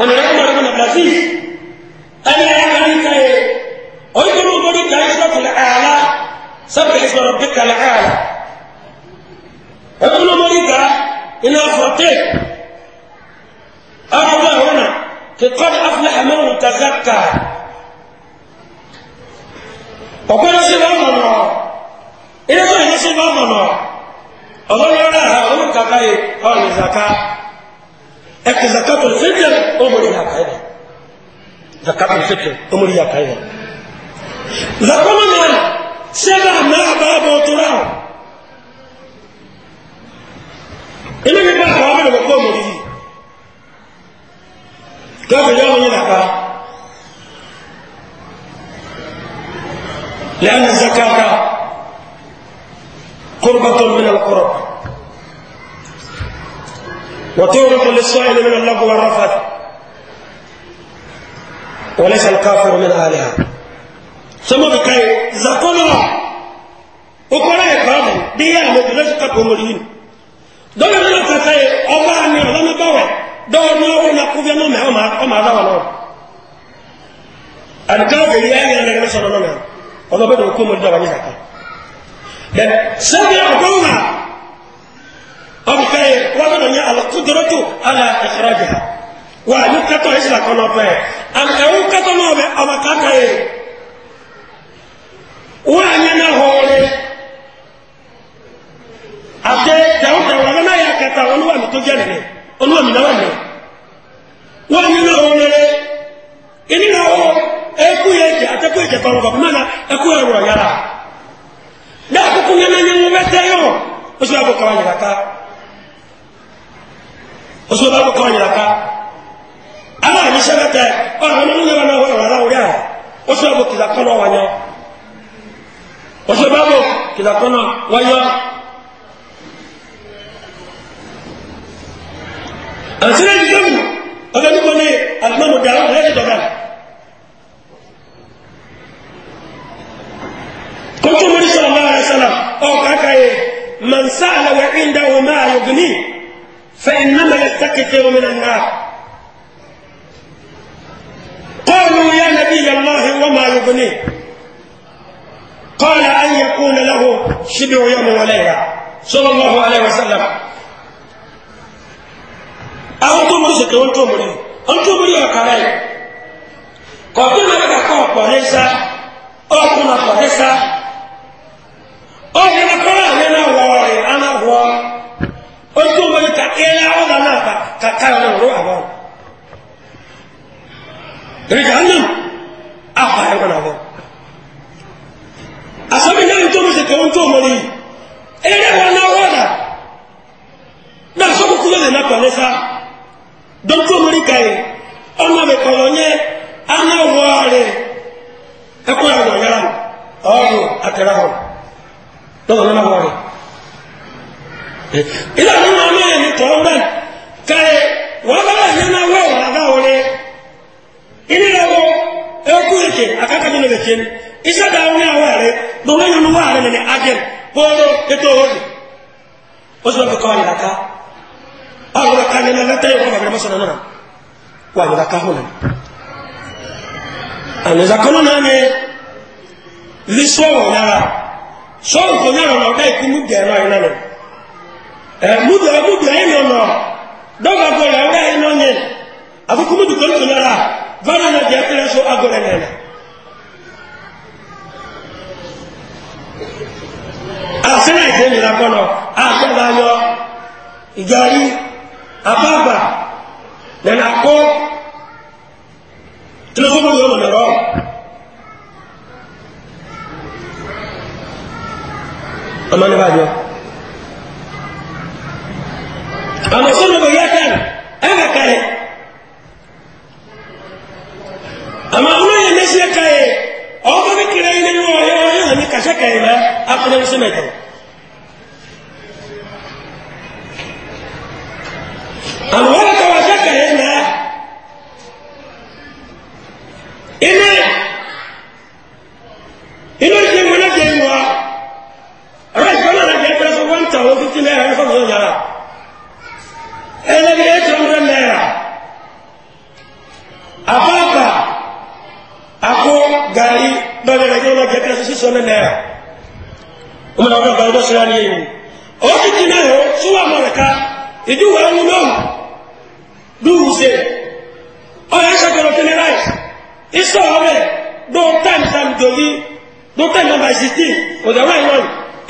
ọ̀nàrẹ́ ọmọ ìbùnà brazil ẹni ẹ̀yà kan ní káyé ọ̀yẹ́kọ̀ ló gbọ́dọ̀ ká ìṣúná tó lẹ́ àlá sábà ìṣúná rẹ̀ bí kàlẹ́ àlá ọ̀yẹ́kọ̀ ló gbọ́dọ̀ ká iná fọ̀tẹ́ ọ̀rọ̀ ọ̀rọ̀ náà kíkọ́ afúlẹ̀ àmọ́wò tazaka ọ̀gbọ́dọ̀ sí اكي زكاة الفطر امر يا قائد زكاة الفطر امر يا قائد زكاة مال سبع ما باب وطراء إلا يبقى حوامل وقوة مريدي كيف يوم يلعبها لأن الزكاة قربة من القرب وتهرب للسائل من اللغو والرفث وليس الكافر من آلهة ثم بكاي زقلوا وكلا يكرم ديا مدرسة كمولين دون أن تسأل الله أن يغلن بوا دون أن نقوم ينوم أما أما دوا نوم الكافر يعني أن يغلن سنوم أما بدو كمول دوا لأن سبع دوما ọmọ ká yẹ wọn nana nyẹ alakudorotu ala ìkọrọjà wà ní kẹtọ ìsìlá kọnọ pẹ ẹwù kẹtọ náà bẹ ọmọ kàkà yẹ wọn nyẹ náà họwọlẹ àti tẹwọn tẹwọn ọmọ náà yà kẹta wọn wà mí tó jẹ nìyẹn olúwa mi náà wà na wọn nyẹ náà họwọlẹ ìní náà wọ ẹkú yẹ jẹ àtẹkù yẹ jẹ tọrọ bàbá mẹ́ta ẹkú yẹ wọ yàrá bẹ́ẹ̀ kúkú nyẹ náà nyẹ wọn bẹ tẹ yọ oṣù àgùkọ wà nyẹ kàkà oṣù bá kọ́kọ́ yìí laka ama yìí sẹ́fẹ̀ tẹ ọ̀rọ̀ mi ní yẹn náà wọ́n yọ̀rọ̀ aláwọ̀ yà oṣù bá bọ̀ kìlà kọ́nà wọ̀nyọ́ oṣù bá bọ̀ kìlà kọ́nà wọ̀nyọ́ àṣírí ẹni dẹ́mu ọ̀gá ní kọ́ni alimami dàrú ọ̀rẹ́ ẹni dọ̀gá kókó mọ́ni sọ̀rọ̀ náà ẹ̀ sọ̀rọ̀ ọ̀ kàkà yẹ mọ̀nsá àlàwẹ̀ ẹ̀ ń dá wọn فإنما يتقي خير من النار قالوا يا نبي الله وما يغنيه قال أن يكون له شبع يوم وليلة صلى الله عليه وسلم أو تمر سكي وانتمر أنتمر يا كاري قدنا لك قوة قريسة أو كنا قريسة أو كنا yẹn àwọn ọ̀nà náà pa kàkà ọ̀nà ọ̀rọ̀ àbọ̀ rìgà ń nàn àpà ẹ̀kọ́ náà bọ̀ àsọ́bí náà tó lóṣè tó ń tó mọ́ nìyí eré wọn náà wọ́n dà náà sọ́kù kúlẹ̀ lè náà pẹ̀lú sá dọ́tò mọ́rí kàyé ọ̀nà mi kọ̀lọ̀ nyẹ́ aná wọ́ rẹ̀ ẹ̀kọ́ yà wọ̀ yàrá ọ̀rọ̀ àtẹ̀rẹ̀ hàn lọ́wọ́ náà ní tọ́wọ́ bẹ́ẹ̀ kárẹ̀ wọ́n bẹ́ẹ̀ ní náà wẹ́ wọ́n àgá wọlé ilé rẹ̀ wọ́n ẹkú èké àkàkàjọ lè ké ní iṣẹ́ dà wọ́n ní àwọ̀ rẹ̀ lọ́wọ́ yẹn wọ́n rẹ̀ nìyẹn agẹ́m bọ́ọ̀lọ́ ètò òwòdì ó sì lọ́kọ̀ kọ́ àyàká àwọn ọ̀rọ̀ kan ní ẹ̀rọ tẹ́yẹ̀ wọ́n bàbá mọ́sán náà wà ní àká hùn àmì ìzàkọ́nù náà ní lè sọ̀rọ̀ yàrá sọ̀rọ̀ tó yàrá ọ̀dá ìkúmú gẹ̀ẹ́rọ yìí náà mudu amudu ayi nɔnɔ dɔw ka gɔlɛ awura ayi nɔnyɛ a ko kumudu kɔni tun nana vana na jɛ kɛlɛ so a gɔlɛ nana a sɛnɛ ìdè nira kɔnɔ a sɛnɛ ayɔ ìjari afagba nana kó tẹlifóònù yóò wọlé rọ. ọmọ ní bá yọ amasomo bɛ yɛ kan ɛna kare ama ɔno yɛ ne seɛ kae ɔba bi kere yi ne yi ɔyɛ ɔyɛ ɔyɛ kahyɛ kae ma apena nso na ɛtɔ ama ɔba ka wahyɛ kae ma ina ina yɛ ẹlẹ́bi eight hundred naira àbáàbà àkó gàrí lọ́dẹ̀rẹ̀ yóò lọ gẹ̀ẹ́tẹ̀ sí six hundred naira ọmọ náà wọ́n gbàgbọ́ sí láàrin yìí ó sì ti náà ó súwà mọ̀ ẹ̀ka ìdúwà ń wúlò dùwù ṣe ọ̀rẹ́ ṣàkọ̀rọ̀ kẹlẹ́ ráìs ìṣọ̀ ọ̀rẹ́ dó time time jòlí dó time number sixteen ọ̀dọ̀ wáyé náà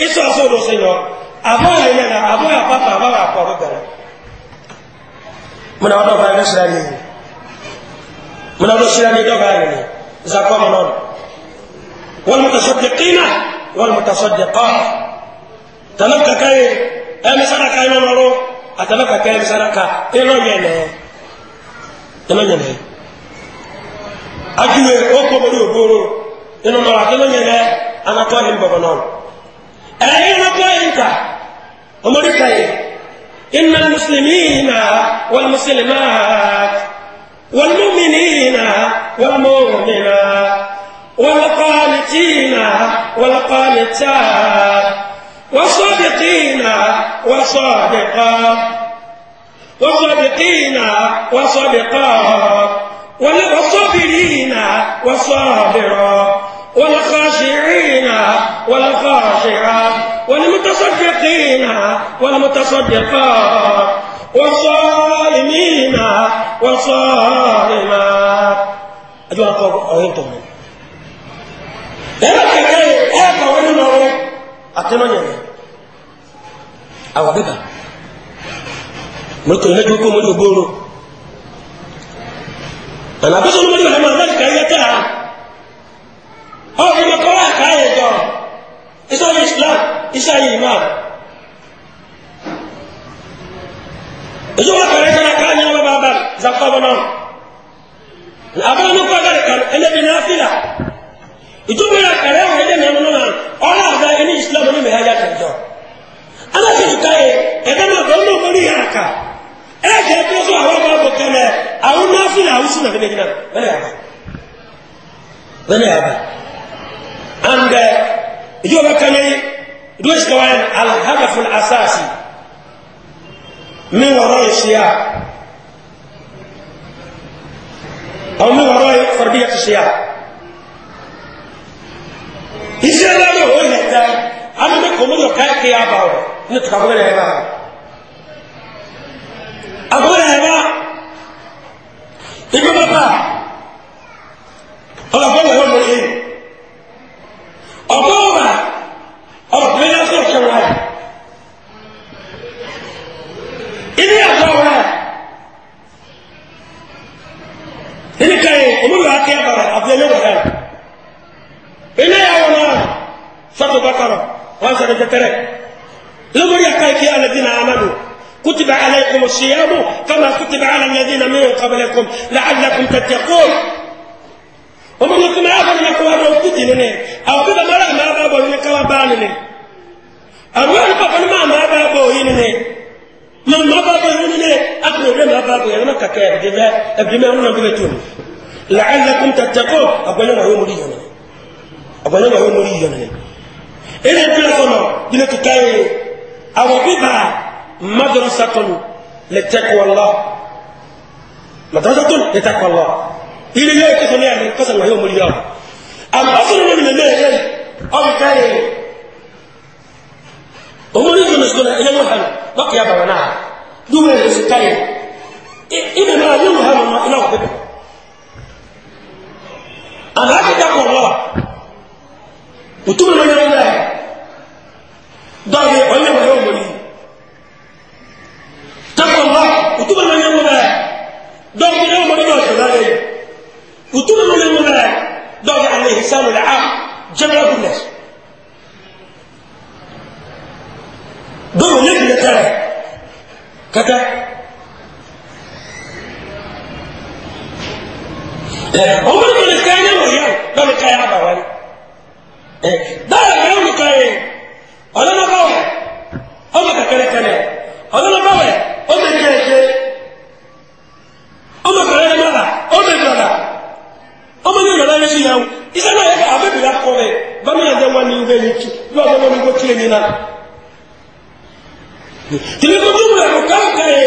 ìṣọ̀ ọ̀ṣọ́ ọ̀dọ̀ ṣe yọ àbọ̀ ẹ̀yẹ̀ náà àbọ̀ àpapọ̀ àbọ̀ àpọ̀ ọ̀dọ̀ gàrà muna wa dɔba ne sira nii muna wa sira nii dɔba ne zakɔ ma nɔn de mutasɔdi kiina wali mutasɔdi kɔɔ tana ka kɛ ye ɛ misara ka yɔ nɔrɔ a tana ka kɛ misara ka e lɔ ɲɛ nɛ e lɔ ɲɛ nɛ a juwe o kɔmɔdi o booro e lɔ nɔrɔ a tɛ lɔ ɲɛ nɛ a na tɔ hin bɔbɔ nɔn ɛ e na tɔ hin ta o mɔdi ka ye. إن المسلمين والمسلمات والمؤمنين والمؤمنات والقانتين والقانتات والصادقين والصادقات والصادقين والصادقات والصابرين والصابرات والخاشعين والخاشعات والمتصدقين والمتصدقات والصائمين والصائمات أجل أقول ẹ̀rọ kẹ̀kẹ́ ẹ̀kọ̀ wọ́n nínú ọ̀rẹ́ àtẹ́lọ́yẹ̀ àwàbíkà mọ́kànlá lẹ́jọ́ kó mọ́lẹ̀ ògbóòrò àlàbísọ̀ mọ́lẹ̀ ọ̀rẹ́ máa lẹ́jọ́ kẹ̀kẹ́ yẹ́tà ọ̀rẹ́ mọ́kànlá àkáyẹ̀jọ ìsọ́lẹ̀ ìsl iṣẹ́ ayé ìmọ̀ ìjọba kàrẹ́ kàrẹ́ kàrẹ́ ní ọmọ bàbá zakọ́ bọ́ náà àbá ní kọ́ kàrẹ́ kàrẹ́ ẹlẹ́bi ní áfíà ìjọba yà kàrẹ́ wọ̀ ẹ̀dẹ́ mẹ́rin náà ọ̀rọ̀ àgbà ẹni ìsìlámù ní mẹ́rin ayá kẹjọ alákejì káyé ẹ̀dá náà bẹ́ẹ̀ ló mọ́rí yàrá ká ẹ̀ jẹ́ tó sọ àwọn ọmọ ọgbọ̀n kẹlẹ̀ àwọn náà fìlà àwọn sùn náà bẹ́ẹ̀ bẹ́ẹ̀ yàrá and ìjọba kàrẹ́ دوش كوان الهدف الأساسي من وراء الشيعة أو من وراء فردية الشيعة إذا لا يقول هذا أنا ما كمل كاي كي أباو نتقبل هذا أقول هذا إبن بابا أقول هذا أقول هذا ọ̀rọ̀ tó yẹ kó kẹ wá yẹ ilé àgbà wá yẹ ilé ka yẹ olórí wa kẹ bàrà àbúlé lé wàrà yẹ ilé yàwó náà sọ́tò bàkàrọ̀ wọ́n sọ̀rọ̀ tẹ́tẹ́rẹ́ lórí àká yìí kí alẹ́ dín náà amadu. كتب عليكم الصيام كما كتب على الذين من قبلكم لعلكم تتقون ومن لكم آخر يقول أنا أبتدي لنا akuba mara ma ba bo ne kawa ba ne ne abu ya ko ma ma ba bo yi ne ne ma ma ba bo yi ne aku ne ma ba bo ya ma ka ke de ba e bi me on be to la'allakum tattaqun agbana na yo muri yo ne agbana na yo muri yo ne ene bi so no dile ki kai awo bi ba madrasatun li taqwa allah madrasatun li taqwa allah ile yo ko so ne ko so na yo muri yo asọ́nà lórí lẹ́lẹ́ ẹ̀rẹ́ ọ̀gá yẹn òun ní ìdùnnú sọ́nà ilé wọn hàn lọ́kì yà bàrà náà dúró ẹ̀ lọ́sì ká yẹn ibẹ̀ náà ní wọn hàn mọ́ iná wà pẹ́pẹ́ àná akéjà kọ̀ lọ́wọ́ òtún mi lọ́yẹ́ lọ́yẹ́ dọ́ọ̀bì ọ̀yẹ́ wọ الإحسان العام general goodness dóòrò ní ìpìlẹ̀ tẹ́rẹ̀ kẹ́kẹ́ ọmọ ìpìlẹ̀ kẹ́ ní ìròyìn lọ́nà káyà àbàwá ni dáàrẹ̀ mẹ́rin olùkọ́ yẹn ọlọ́nà báwẹ̀ ọmọ kẹkẹrẹ kẹlẹ̀ ọlọ́nà báwẹ̀ ọmọ ìjẹ́ ìjẹ́ ọmọ kẹrẹ mọ́ra ọmọ ìjọba ọmọ ní ìrọ̀lá yẹn sí yẹn o iṣẹ́ náà yẹ ká abẹ́bìrì akọ rẹ̀ bámi àjẹ wọn ni ìwé yìí yóò ọjọ́ wọn ni wọ́n kílẹ̀ nínú. tìlí tó dùn rẹ̀ kò káàkà yẹ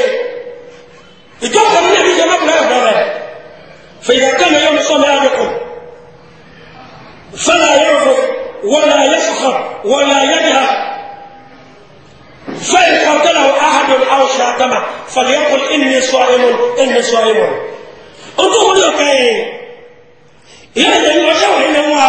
ìjọ kan ní ẹbí jẹ́ mọ́kùnrin àgbà rẹ̀ fèyí ká lè yọ̀ọ́ sọ́nà yà lóko fẹ́lá yọ̀ọ́ fọ wọ́lá yẹ sọ̀fọ̀ wọ́lá yẹ jà fẹ́yì kọ́tẹ́lá ahadùn àwòṣe àtàmà fàlẹ́ yẹ kọ́ ẹni sọ ẹmu ẹni sọ ẹmu. ó tó wọlé ọ̀ka yẹn ìyá ìdẹ̀yìn ọjọ́ òní ni wọ́n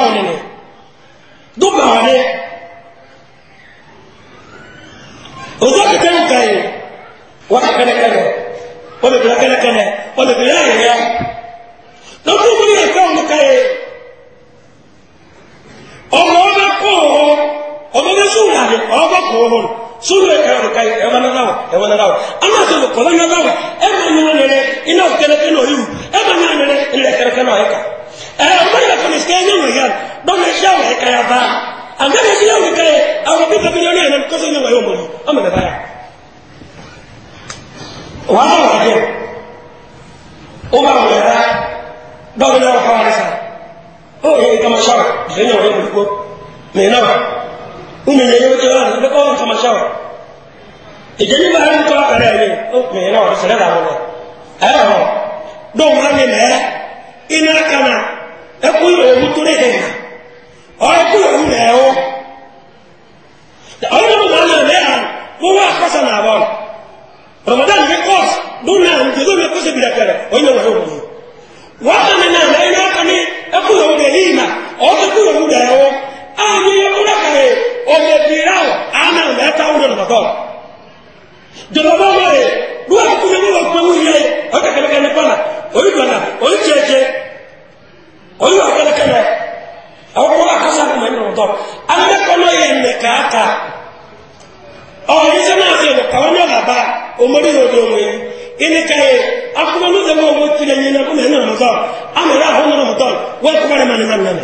ni ma nana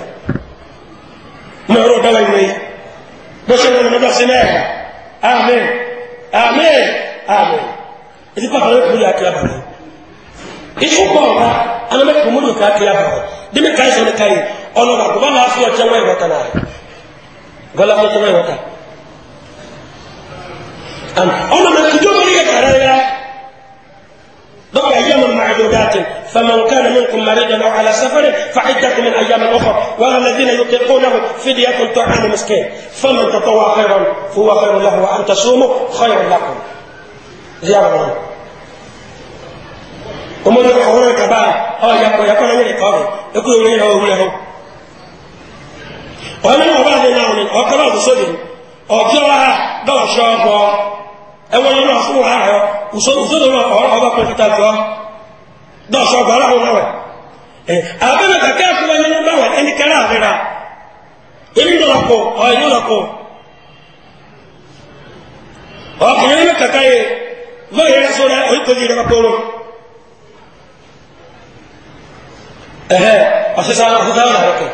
na yɔrɔ dala yi ma ye bó ṣe wọn lọ́dọ̀ sí náà amen amen amen èyí pàtàkì ló kún yà kí a bàbá iṣu pọ̀ ọ̀la anamẹ́kọ̀ mú lò ká kí a bàbá dèmi ká ẹsẹ̀ ní ká yìí ọlọ́dà gbọ́dọ̀ náà fi ọ̀jẹ̀ wọ́n ìwọ́ta náà gbọ́dọ̀ fún ọ̀jẹ̀ wọ́n ìwọ́ta ọlọ́dà kìjọ́ mi ní kẹkẹrẹ yẹn. دوك أيام معدودات فمن كان منكم مريضا أو على سفر فعدة من أيام أخرى وعلى الذين يطيقونه فدية طعام مسكين فمن تطوع خيرا فهو خير له وأن تصوموا خير لكم زيارة رب ومن يقولون كبار أو يقول يقول أن يقول يقول أن يقول له ومن أبعد ناون أو كبار بسجن أو كبار دوا شاكو ẹwọ yẹn náà fún wàhálà yọ òṣòdò ọ̀rọ̀ ọba pẹ̀lúta lọ dọ̀ṣọ́ ọgbàrá wọn náà wẹ̀ àbẹ̀rẹ̀ kàkẹ́ àfúnwá yẹn náà wẹ̀ ẹni kẹrẹ àbẹ̀rẹ̀ èmi náà kọ ọ̀yẹ́ náà kọ ọkùnrin náà kàkẹ́ yẹ lọ́yẹ̀ rẹ̀ sọ́ra oríkòjì rẹ̀ kọ́kọ́rọ́ ẹ̀hẹ́ ọ̀ṣẹ́ṣẹ́ ọ̀ṣẹ́ṣẹ́ ọ̀nà rẹ̀ kọ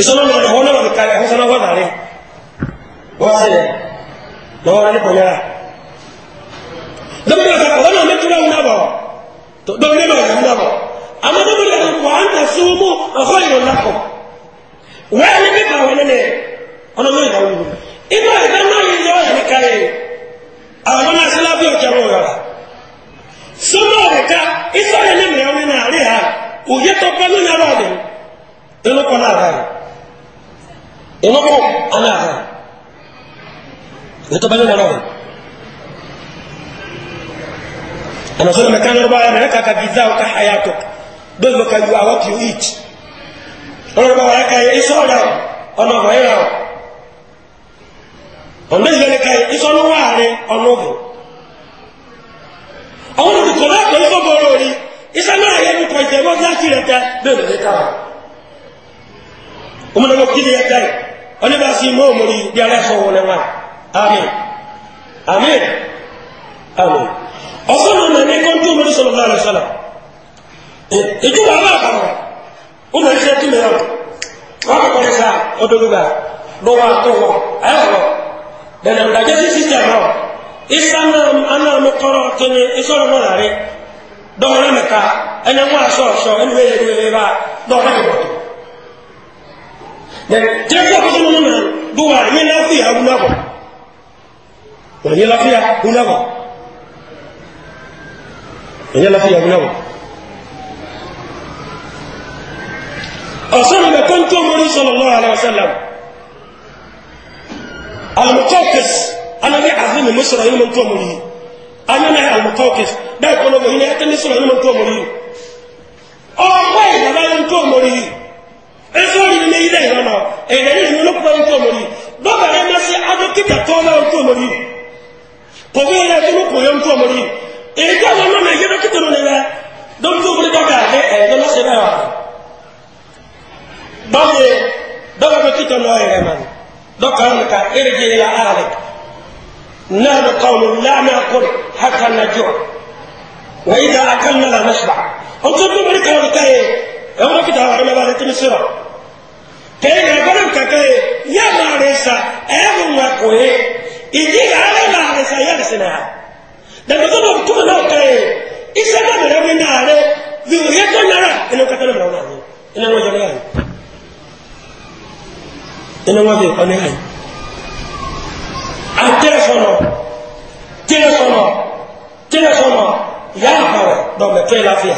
ìṣọ́nà ọ̀nà ọ̀nà ọ̀nà lọ́wọ́ wa ní kọ̀nyára dọ́mọdé ọ̀sán ọ̀sán náà mẹ́túrọ̀ ń dábọ̀ dọ́mọdé ọ̀sán ń dábọ̀ àmọ́ dọ́mọdé ọ̀sán wà á nà súnmọ́ ọ̀họ́ ìrọ̀lákọ̀ wẹ́ẹ́ ní bíbá wọn nílẹ̀ ọ̀nà mọ́ ìdáwó inú ẹ̀dá náà yìí yọ ọ̀yà níka yìí àwọn ọmọ náà sílá bí ọ̀kẹ́ wọn yọ̀rọ̀ súnmọ́ ọ̀rẹ́ká iṣẹ́ ọ̀yà ní mìíràn ní àárẹ̀ ha òye tó pẹ́ ló yàrá ọ̀dẹ̀ inú kọ́ náà rà yìí inú kọ́ náà rà yìí ètò bá lọ́nà lọ́wọ́ ẹ̀nà sọ́nà mẹ́kánná lọ́wọ́ ayé mẹ́ka ka giza o ka hayato those were ka you are what you eat ọlọ́run bá wà ká yẹ isọ́ ọ̀dà ọ̀nà ọ̀gbọ̀n yẹn rà ọ̀nà ìgbẹ́lẹ̀ ká yẹ isọ́ ọ̀nà wàhálẹ̀ ọ̀nà ọ̀gbọ̀n àwọn olùkọ́ náà kò ikọ́ bọ̀rọ̀ rí isẹ́ náà yẹ kó kọjá wọn láti rẹ̀ tẹ bẹ́ẹ̀ lè ká wa ọmọdé wọn kí ni ẹ tẹ ọ ní bá a sì mọ òmòrì bí alẹ́ fọwọ́ lẹ́wọ̀n amen amen amen ọsán náà ní kọ́ńtù omi sọlọ náà lọ sọlọ ìjọba aláàbàwọ ó náà ṣe kí mìíràn wọn kọkọ ní sáà ọdún gbígbà lọwọ àtọwọ ayọwọ dẹnẹ ìdájọ sí sísítẹmù náà isa náà anáàmú kọrọ kínní ìsọlọ náà rẹ dọwọrẹ mẹta ẹni wọn aṣọ ọṣọ ẹni wọn yẹ ẹni wọn dọwọrẹ mẹta dẹnẹ jẹ kí ọkọ tó nínú náà dùwà ẹni náà fi àwọn náà bọ ònyẹ lafiya húnàwọ̀ eh, eh. ònyẹ lafiya húnàwọ̀ ọ̀sán ìgbà kan tó mọ́rí sọlọ́lọ́ aláwọ̀sálàm almutokis anabi azimi misra yìí mọ́ tó mọ́rí anabi almutokis bẹ́ẹ̀ kọ́ lọ́gbọ̀ yìí ẹ̀tẹ́ misra yìí mọ́ tó mọ́rí ọ̀pọ̀ ìdàbà yìí tó mọ́rí ẹ̀sọ́ yìí ní ilé ìrànà ẹ̀rẹ́ yìí ní olókùnrin tó mọ́rí dọ́bà ẹ̀ kòmíyàn tó ló kò yẹn tó ọmọdé èyí àwọn ọmọ nàìjíríà dókítà ló nílẹ dókítà òkúta dọkà ẹ ẹ lọlá ṣe náà báyìí dọkà dókítà lọ ẹ rẹ mà dọkà ń ka ẹ lè jẹ ilà ààrẹ náà ló kọ́ ọmọ láàmì akọrọ hàkà nàjọ wà yìí dáa kàn náà lànà ṣùgbà ọtún tó mọdé kàwé ká yẹ ẹ wọn dókítà àwọn ọmọ bá rẹ tó ní sọrọ kẹyìn àgbọdọ kàkà yẹ yá máa rẹ sà ẹ ẹ mú wa kò yẹ ìdíyà rẹ̀ náà rẹ̀ sàyẹ̀ rẹ̀ sinà dàbí tó lọ́wọ́ túmọ̀ náà kẹ́ ẹ̀ iṣẹ́ náà bẹ̀rẹ̀ wí náà rẹ̀ bí òye tó nára ẹni wọn kẹtọ́ lọ́wọ́ náà ni ẹni wọn jọ náà ni ẹni wọn fi kọ́ náà ni. a tẹlifɔnɔ tẹlifɔnɔ tẹlifɔnɔ yàrá bàwɛ dɔbɛ tó yẹ lafiya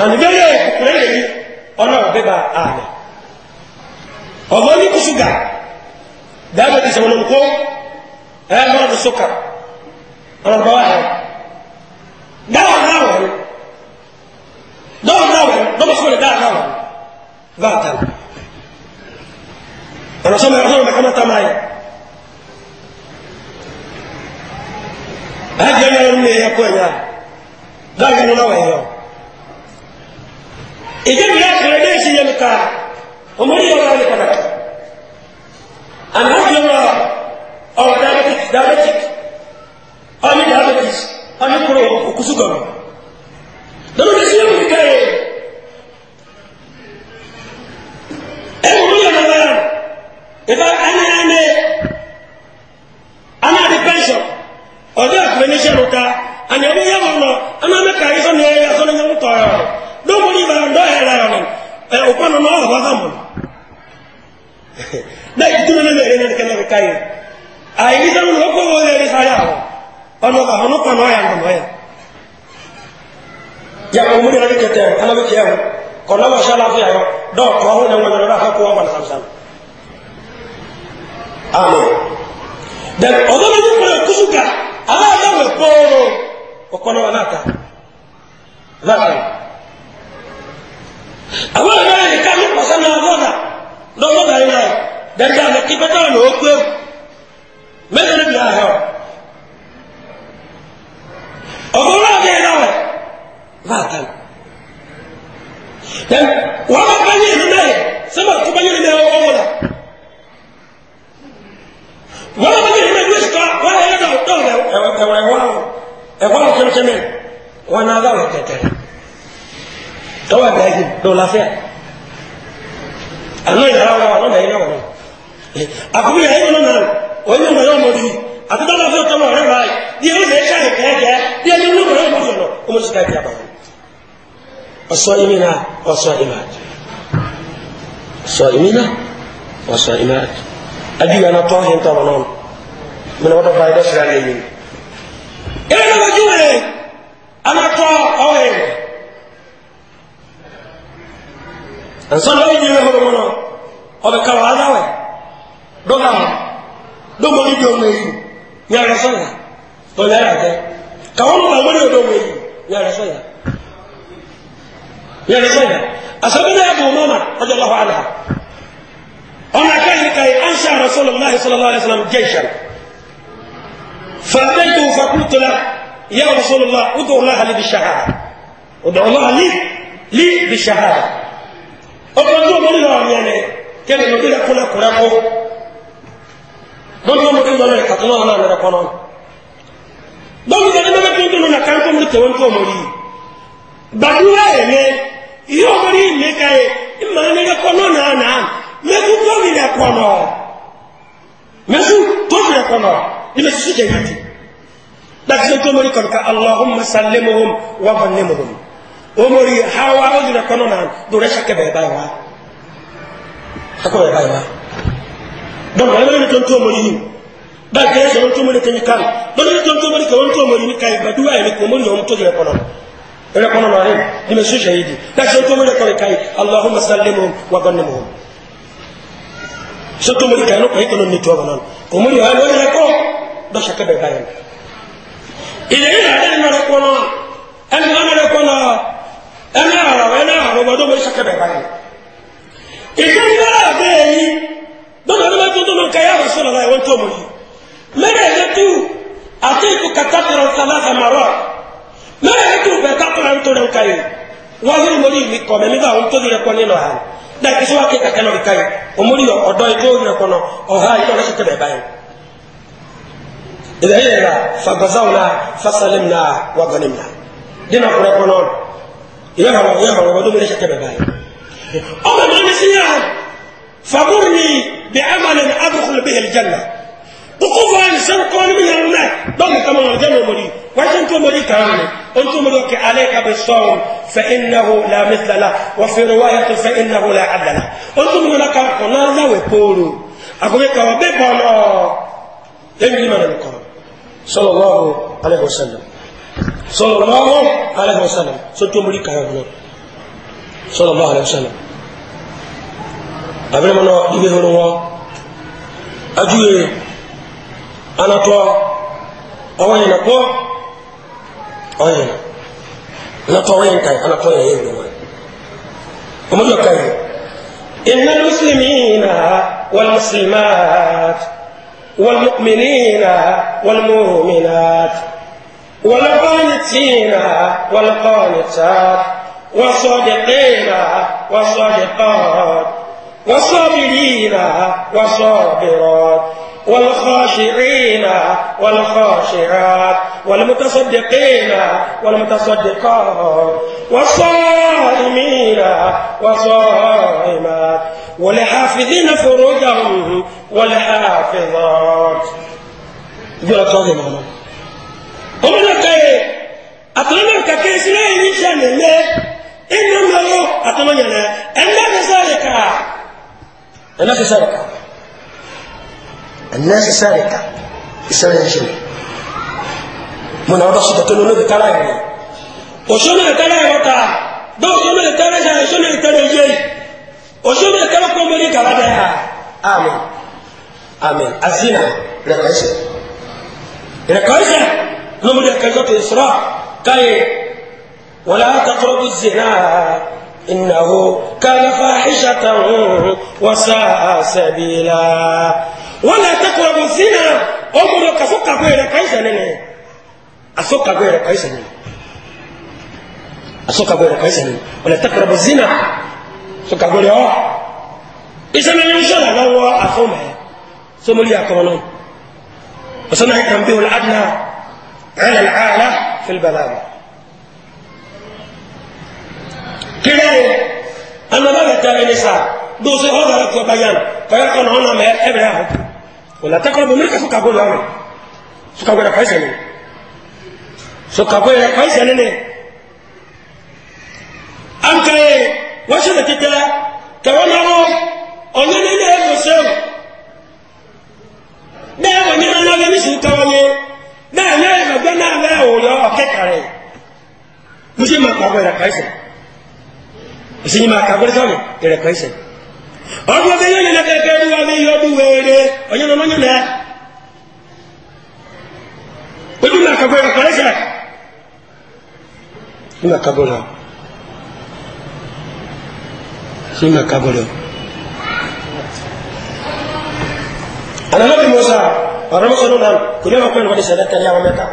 àni bẹ́ẹ̀ yẹ kúkúrẹ́ yẹ yí ọ̀nà ọ̀bẹ bá a mẹ́ ọ̀bọ ní kùsùgà dama di sama ko eh mo do suka on ba wa da wa na wa do na wa do ba sole da na wa ba ta ana sama ya sama kama ta mai ha ga na ne ya ko ya da ga na wa yo idan ya kare shi ya mika umuri ya wani kana and who you are or oh, diabetic diabetic ọmọ diabetes ọmọ kúrò òkúsùgọ̀rọ̀ lọ́dún tí sílẹ̀ òkú kẹ́yẹ ẹ̀wùrú if I ìfẹ́ any, ẹni ẹni the pension. ọ̀dọ́ ẹ̀kúrẹ́ ní sẹ́nu ta àmì ẹni yẹn wọn lọ ẹni ẹni kàrí sọ́ni ẹ̀yẹ sọ́ni ẹ̀yẹ tọ̀ ẹ̀rọ lọ́wọ́ ní ìbára ọ̀dọ́ ẹ̀rọ ẹ̀rọ òkú ọ̀nà náà ọ̀bá sàmù náà ìdúró nínú kaye a yi nisan mun ko wo le sa ya ho ono ba ono ko no ya no ya ya ko mun rage tete ana bi ya ko na wa sha la fi ayo do ko ho na ngol ra ha ko wa sam sam amen dan odo ni ko ko suka ala ya me ko ko ko no na ta zakari àwọn ọ̀rẹ́ rẹ̀ ká ló pàṣẹ náà lọ́dà lọ́dà yìí náà daga na kibata na okwe mẹ́ta ní bìlá hẹ́ọ̀ ọ̀gbọ́n náà bẹ́ẹ̀ náà wẹ̀ vaata dẹ́n wọ́n bá bá yẹn nínú ẹ̀ sábà tó bá yẹn nínú ẹ̀ wọ́n wọ̀ la wọ́n bá yẹn nínú ẹ̀ wíṣọ wọ́n yẹn náà dọ̀ ẹ̀wọ̀ ẹ̀wọ̀ ẹ̀wọ̀ ẹ̀wọ̀ kẹ́mẹ́kẹ́mẹ́ wọn náà dáwọ̀ tẹ̀tẹ̀ tọ́wọ́ bẹ́ẹ̀ yìí lọ́la fẹ́ àná ìyàrá wọn wà lọ́dà àkókò yẹn ẹ̀yìn náà ọ̀yìn ọ̀nà yọ̀ ọmọdé yìí àti dọ́là fi ọ̀tọ́ ọ̀rẹ́ rà yìí bí ẹni lè ṣe àyẹ̀kẹ́ ẹ̀jẹ̀ bí ẹni ló mọ̀ ọmọdé ọ̀nà ọmọ sì káyọ̀ àbá yìí. ọ̀sọ̀ ìmí náà ọ̀sọ̀ ìmá ọ̀sọ̀ ìmí náà ọ̀sọ̀ ìmá adìyẹ náà tọ́ hin tọ́ ọ̀nà mìíràn wọ́n tó bá ẹ̀dẹ́ sira lẹ́yìn. ìrìn àwọn ojú rẹ̀ anatọ́ dọ́là dọ́mọ níbi ọmọ èyí ní ara sọ́yà tọ́lẹ̀ ara jẹ́ kàwọn ọmọ àwọn ènìyàn dọ́mọ èyí ní ara sọ́yà ní ara sọ́yà asọ́bílẹ̀ àbò mọ́mà ọjọ́ lọ́wọ́ àná ọ̀nà kẹ́yìn kẹ́yìn an ṣe àrà sọ́lọ̀ láì sọ́lọ̀ láì sọ́lọ̀ jẹ́ ìṣàn fàbẹ́tò fàkútùlà yà wà sọ́lọ̀ lá ọdọ̀ ọlá àlè bí ṣahara ọdọ̀ ọlá àlè lè bí ṣahara ọkọ̀ tó mọ́ nínú àwọn ọ̀nà kẹ́lẹ̀ lọ́dún dɔnni yɛ mɔri lɔlɔ ka tɔnɔ hana nɛrɛ kɔnɔ dɔnni yɛ ɛnɛ bɛ tuntun nu na kan tó mɔri tɛwɛn tó mɔri baduwa yɛ mɛ iye mɔri yi mɛ ka yɛ ima nɛrɛ kɔnɔ naa naa mɛtu tóbi rɛ kɔnɔ mɛtu tóbi rɛ kɔnɔ ibi sisi jɛ yati dakisɛ tó mɔri kɔni ka alahuma salimuhum wa balimuhum o mɔri hawa o dirɛ kɔnɔ naa do rɛ sakɛ bɛ ba yi wa sakɛ bɛ ba yi wa dɔnku ɛmɛ ne tɔn tɔmɔ yi ba gɛrɛ sɛ wɔn tɔmɔ ne kɛnyɛ kan dɔnku ne tɔn tɔmɔ ne kɛ wɔn tɔmɔ yi ne kan yi ba du ayɛlɛ kɔmɔ ni wɔn tɔ yɛrɛ kɔnɔ yɛrɛ kɔnɔ maa yɛ ne bɛ so yi di da sɛ tɔmɔ ne kɔnɔ kan yi alahuma salimu wa banimu sɛ tɔmɔ ne kan yi ne kɔni e kɔnɔ ne tɔ kɔnɔ kɔmɔ ni wɔn yɛrɛ kɔ dɔ sɛ kɛ bɛ ba yɛrɛ ìyẹn e yɛrɛ ale ni yɛrɛ kɔnɔ ɛni an yɛrɛ kɔnɔ ɛni arɔ ɛni arɔ wa dɔ dɔnku ɛdini ma tun tun nka ya rasulala ye wɔn tó mo yi mɛrɛ yɛ tu a ti ko ka taa tɔrɔ sala samarɔ mɛrɛ yɛ tu bɛɛ ta tɔrɔ n tɔrɔ nka ye wáyé mori mi kɔ mɛ mi ka wɔn di yɛ kɔ nínú ha da kisɛ wa kɛ ka kɛ n'o ka ye o mori yɔ ɔdɔ yi k'o yɛrɛ kɔnɔ ɔha yi n'o tɛ tɛmɛ ba ye ìdàgbé yɛrɛ la fagbazaw la fasalim la waganim la dina kura kɔnɔ yɛrɛ wɔ yɛrɛ wɔ wɔdun mi tɛ tɛmɛ ba ye ɔmɛ ni. بعمل أدخل به الجنة وقوفوا عن السنة قول من هؤلاء ضم كما الجنة مري وعشان مري كمان أنتم ملوك عليك بالصوم فإنه لا مثل له وفي رواية فإنه لا عدل له أنتم ملوك قنانا وقولوا أقول لك وبيبنا يمني من القرآن صلى الله عليه وسلم صلى الله عليه وسلم سنتم ملوك صلى الله عليه وسلم abin mana ibe hurin wa ajuye ana to awaye na ko awaye na na to awaye kai ana to yayin da wani kuma to kai innal muslimina wal muslimat wal mu'minina wal mu'minat wal qanitina wal qanitat والصادقين والصادقات والصابرين والصابرات والخاشعين والخاشعات والمتصدقين والمتصدقات والصائمين والصائمات والحافظين فروجهم والحافظات جرى صادم الله أمنا كي أطلنا كيس لا يشان الله إنما هو أطلنا ذلك الناس سرقة الناس سرقة السنة شنو من هذا شيء تقولون هذا ترى يعني وشنو ترى يا وتا دو شنو ترى يا شنو ترى يجي وشنو ترى كم مني كلا ده آمين آمين أزينا ركايسة ركايسة نمد ركايسة إسراء كاي ولا تقربوا الزنا إنه كان فاحشة وساء سبيلا ولا تقرب الزنا أمر كسوكا غير كايسا نيني أسوكا غير كايسا نيني أسوكا غير كايسا نيني ولا تقرب الزنا سوكا غير أو إذا من يشاء الله أفهم سمولي أكملون وصنع التنبيه الأدنى على العالة في البلاغة kere ye anaba bɛ tɛmɛ ni sa doso hɔn na kɔ ba yan kɔyɔ kɔnɔ hɔn na mɛ ɛbɛ yà hɔ o la tɛkɔrɔ bɛ mi ka suka ko la mɛ suka ko yɛrɛ kɔyɔ sɛnɛ suka yɛrɛ kɔyɔ sɛnɛ ne an ka ye wɔsi de ti tɛ tɛwɔ na ko ni ne ye doso ne yɛ wɔ ɲɛna na bɛ ni su tɔwɔ ye ne yɛ ne yɛ ka gbɛ n'a bɛ o kɛ kare muso ma kɔ yɛrɛ kɔyɔ sɛnɛ ìsinyìí máa kàgbé sọ́nù ìrẹ̀kọ́ ìṣẹ̀ ọdún ọdún yẹn nìyẹn kẹkẹ ẹdún wa mi yọ ọdún wẹẹrẹ ọyẹn lọ lọnyẹn lẹ ojú náà kàgbé ìrẹ̀kọ́ ìṣẹ̀ ní ma kàgbé lọ ní ma kàgbé lọ. alamadi musa ọ̀rọ̀ musa nínú náà kò ní ma kọ́ ìwádìí sẹ́dẹ̀ tẹ̀lé àwọn mẹ́ta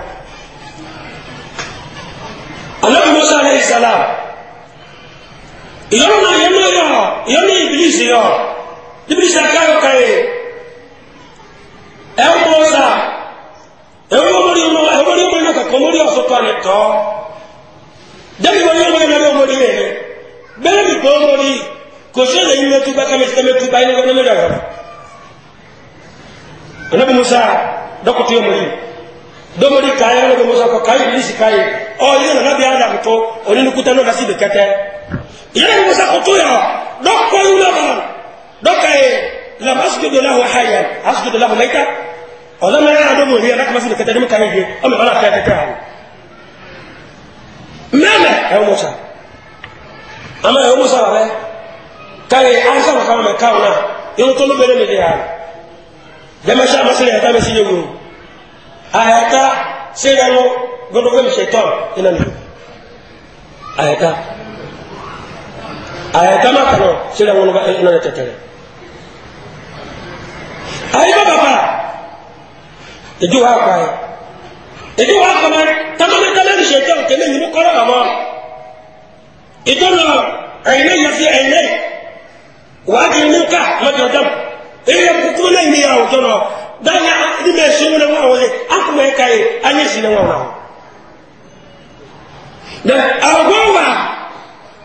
alamadi musa aleyhi salaam ìyọ́nà yẹmọ yọ ìyọ́nà ìbílísì yọ ìbílísì akáyọkàyè ẹ mọ ọsà ẹwọ mọlẹ ọmọ ẹwọ ní mọlẹ kàkọ mọlẹ ọsọtọ àlẹ tọ dẹbi mọlẹ ọmọ yẹn lọ mọlẹ yẹn bẹẹ mi gbọ mọlẹ kò sí ẹlẹyìn mẹtuba kàmẹsítẹ mẹtuba yẹn lọgbọn mẹjọ yọ anabi musa dọkọtọ yọ mọlẹ dọmọdé kàyẹ anabi musa kọ kàyẹ ìbílísì kàyẹ ọ yẹn yẹn musa kutu yọ dọkọ yìí lọrọ dọkọ yìí lam asujudu lahu haya asujudu lahu maita ọlọmọ yẹn adọgbọ yìí ẹnlá kọmọsí nìkẹtẹ ẹdínmí kan yìí ọmọ ọlọ akẹyà kẹkẹ àwọn. mẹ́mẹ́ ẹ̀wọ̀n musa àmọ́ ẹ̀wọ̀n musa wà bẹ́ káyé ansa wà káwọn mẹ káwọn náà irun tó ló bẹ̀rẹ̀ mi di yà dẹ́mẹ́ sá ma sílẹ̀ ẹ̀ta mi sí yẹ̀wò àyàtá sílẹ̀ ẹ̀wọ̀n gbọdọ̀ fẹ́ mi ṣe tọ́ ìnáni àyàtá ayɛ dama kɔnɔ sira wɔn ba ɛnɔ eh, yɛ tɛtɛrɛ ayi ba baba edu wa kɔ ayɛ edu wa kɔ mɛ tamale kala ni sɛ tɛw tɛnɛ nyimu kɔrɔ ka mɔ edu nɔ ɛyinɛ yafi ɛyinɛ waati ni ka ma jɔ dam eya eh, kukuru na yi ya o jɔ nɔ danya ni mɛ si wuli wa wuli an kun bɛ ka ye an ye si ne wa wa dɛ a ko wa.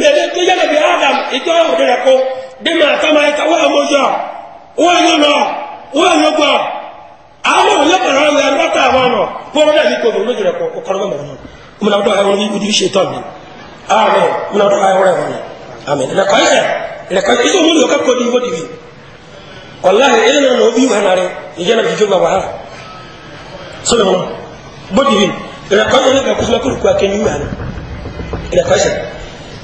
yẹde tó yẹde bi adam ìjọ òde rẹ kó bímọ àtọmọ ẹka wọn àmójọ wọn yọnà wọn yọgbọ àwọn òyìnbọn ọ̀rọ̀ yẹn lọ́tà àwọn ọ̀nà fún ọ̀rọ̀ yìí kò lóde rẹ kó ọ̀kan mọ̀ mọ̀ náà dọ̀ ayọ̀ wọn ṣe tọ̀ mi amẹ mọ̀ náà dọ̀ ayọ̀ wọn yìí amẹ lẹkọ yẹ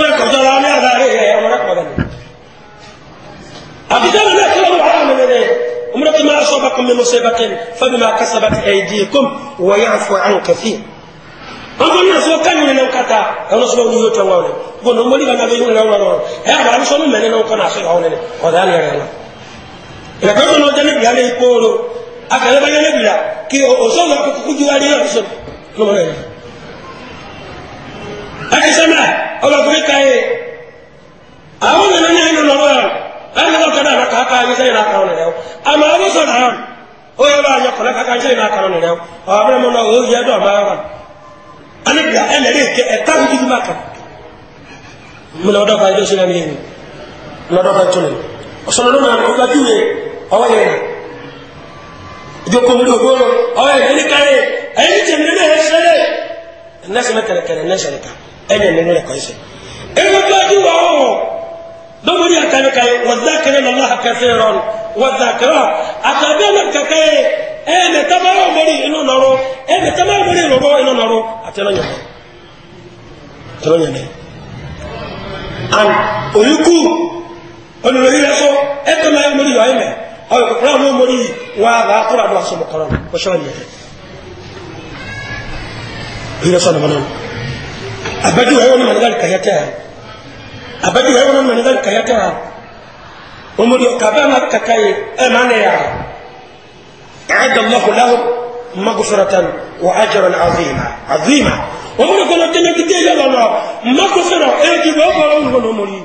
lórí kọjọ lọ ní ọ̀dà rẹ̀ ẹ̀ ọmọ rẹ̀ kọ̀ dẹ̀. àbíjá mi náà kílọ̀ wà á mi rẹ̀ ọmọdé kí máa sọ bàkún mímú sí bàkún fẹ́mi máa kásá bàtí ẹ̀ dì í kóm wọ́n yà fún àwọn kẹfì. ọmọ náà sọ kánìyàn náà kàtà ẹ̀rọ sọ wọn yóò tẹ̀ wọn rẹ̀ gbọ́n ọmọ nígbà náà bẹ yóò rẹ̀ wọn rẹ̀ ẹ̀ àbá mi sọ mi mẹ́rin náà kọ́ náà sọ̀rọ̀ ọ̀hún ọ̀dà rẹ̀ rẹ̀ náà. ìrẹ̀kọ́ tó náà jẹ́ níbi alẹ́ ikú oró akẹ́lẹ́bẹ̀yẹ́ níbi rà kí òṣèlú akókó kújú wá rí náà sọ̀rọ̀ lọ́wọ́ rẹ̀ rẹ̀ akisama ọlọkùnrin ka yẹ àwọn nana ní ẹnu lọrọ yà ẹnu lọkọ náà lọkọ aka ayé sẹyìn náà kàrọ nìyẹn àmọ àwọn sọdọ àwọn ó yẹ bá a yẹ kọlẹ kaka ayé sẹyìn náà kàrọ nìyẹn ọ abẹ́rẹ́ mọ́nà ó yẹ dọ̀ ọ̀ma yàrá ale bi ẹ lẹ́rẹ́ ẹ̀kẹ́ ẹ̀ta ń dúdú bá kan múnà ọdọ bá ẹjọ́ sílẹ̀ nìyẹn lọ́dọ̀ bá tún nìyẹn ọ̀sán lọ́dọ̀ náà ọgbà tún yẹ ọwọ́ yẹn ìjókòó mi ló gbóró ọwọ́ yẹn ẹni káyé ẹni tẹ̀mí lé ẹ̀ṣẹ́ lé ẹ̀nẹ́sẹ̀ mẹ́tẹ̀rẹ̀kẹ̀rẹ̀ ẹ̀nẹ́sẹ̀ nìkan ɛnyɛ nínú rẹ̀ kọ́ ẹ̀ṣẹ̀ ɛnyɛ tó adi wà ɔwɔ lóbodì àtàlùkà yìí wàzàkìrì lọ́lá àkàṣe rọrùn wàzàkìrì àtàlùkà náà kàkà yìí ɛyɛ mɛ tamara omori inú nɔrɔ ɛyɛ mɛ tamara omori rɔrɔ inú nɔrɔ àtẹnɔ nyɛnɛ tẹnɔ nyɛnɛ and oyuku olùlóyè yẹ so ɛtɔ náà omori yọ ɛyɛ mɛ ɔyọ kura náà omori wà á kura do asomokɔrɔ kɔsɔrɔ nyɛnɛ oyinɛ sɔ nàmánà. abadi wa yawon mangal kayata abadi wa yawon mangal kayata umuri kabama kakai amana ya أعد الله لهم مغفرة وأجرا عظيما عظيما ومن كنا تنا كتير لنا مغفرة أجي بابا لهم ونمري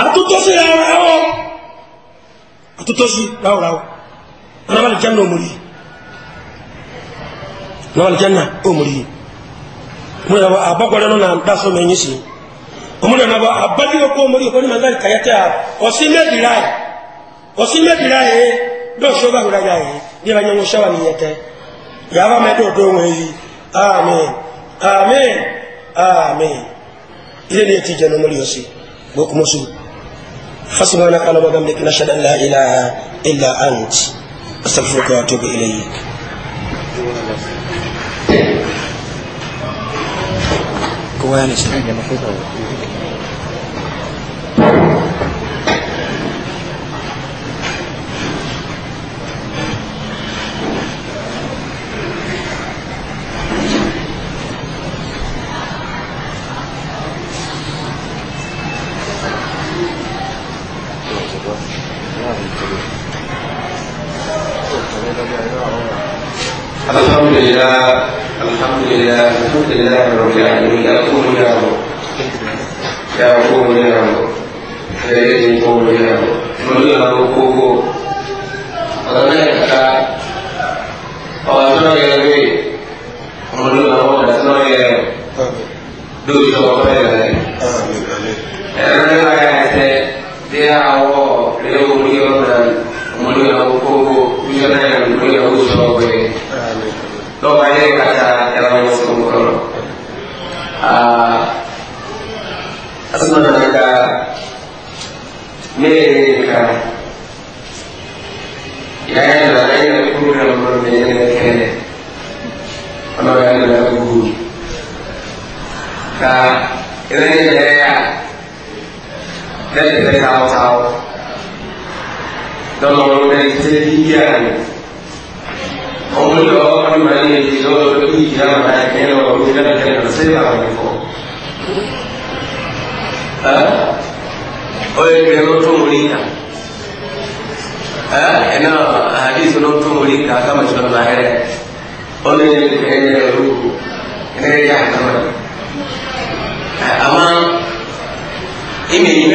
أتوتوسي لا راو أتوتوسي لا راو أنا بالجنة أمري أنا بالجنة أمري muna ba abagwara no na ndaso menyi si omuna na ba abadi ko muri ko ni mangali kayata osime dirai osime dirai do shoba hulaga yi ni banyango shawa ni yete yaba me do do mweyi amen amen amen ile ni tije no muri osi boku musu فسبحانك اللهم وبحمدك نشهد ان لا اله الا انت استغفرك واتوب اليك 我让你穿一件，能飞走。这个，那这个，这什么玩意儿啊？阿香姐啊！الحمد لله الحمد لله رب العالمين يقوم يعمر يقوم يعمر فإذن قوم يعمر من يعمر ọ̀dọ́ náà ká ọ̀rọ̀ tó yẹ lé ọmọdé àwọn ọ̀dà tó yẹ lórí ọkọ̀ yẹ lé. ẹ̀rọ ní wáyà ẹ̀sẹ̀ bí àwọ̀ léwu ní ọ̀dà ọmọdé àwọn kókó ní ọ̀dà yẹn lórí ọkọ̀ sọ̀rọ̀ yẹ dɔw ka yɛrɛ ka taa yɛrɛ ma sɔrɔ kɔrɔ aa asuma nana ka ne yɛrɛ de ka yaya nana an yɛrɛ kuru yɛrɛ ma mɛ yɛrɛ kɛlɛ kɔnɔ yɛrɛ nana kuru ka yɛrɛ yɛrɛ ya ne yɛrɛ ka taw dɔnku ne yɛrɛ tɛ yi yɛrɛ. Comunque oggi Maria di solo qui già non è di una sera come fa. Eh? O è che non tu morita. Eh? E no, adesso non tu morita, come ci sono la era. O ne è che è il rubo. E ne è già come. Ama, i miei mi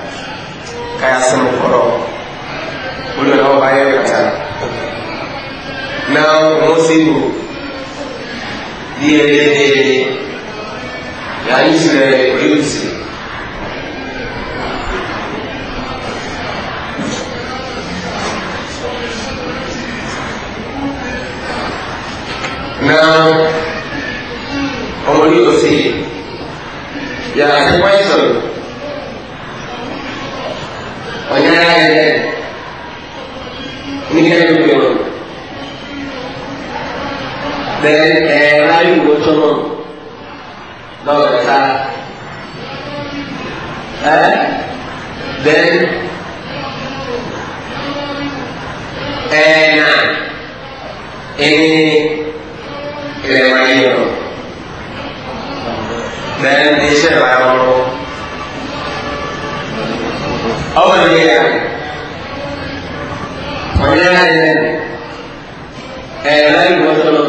kaya sɛm kɔrɔ o nana o ba yɛ kata na wɔn se do deɛ deɛ deɛ yanni sɛ o yɛ si. na ọmọdé yóò se yàrá ẹgbẹ́ sọ̀rọ̀ ọ̀nyára ẹ̀rẹ́ nígbà yóò fi wọn. Bẹ́ẹ̀ ẹ̀rọ ayé ìwọ tó mọ̀ lọ́wọ́ ẹ̀ta. Ẹ́ bẹ́ẹ̀ ẹ̀ẹ́nà ẹ̀ẹ́nì ẹ̀rọ ayé wọn. Bẹ́ẹ̀ ní iṣẹ́ ìwà ẹ̀rọ wọn ọmọ yẹn yà ọnyẹ náà yẹ ẹ ẹ láyé wọn tó lọ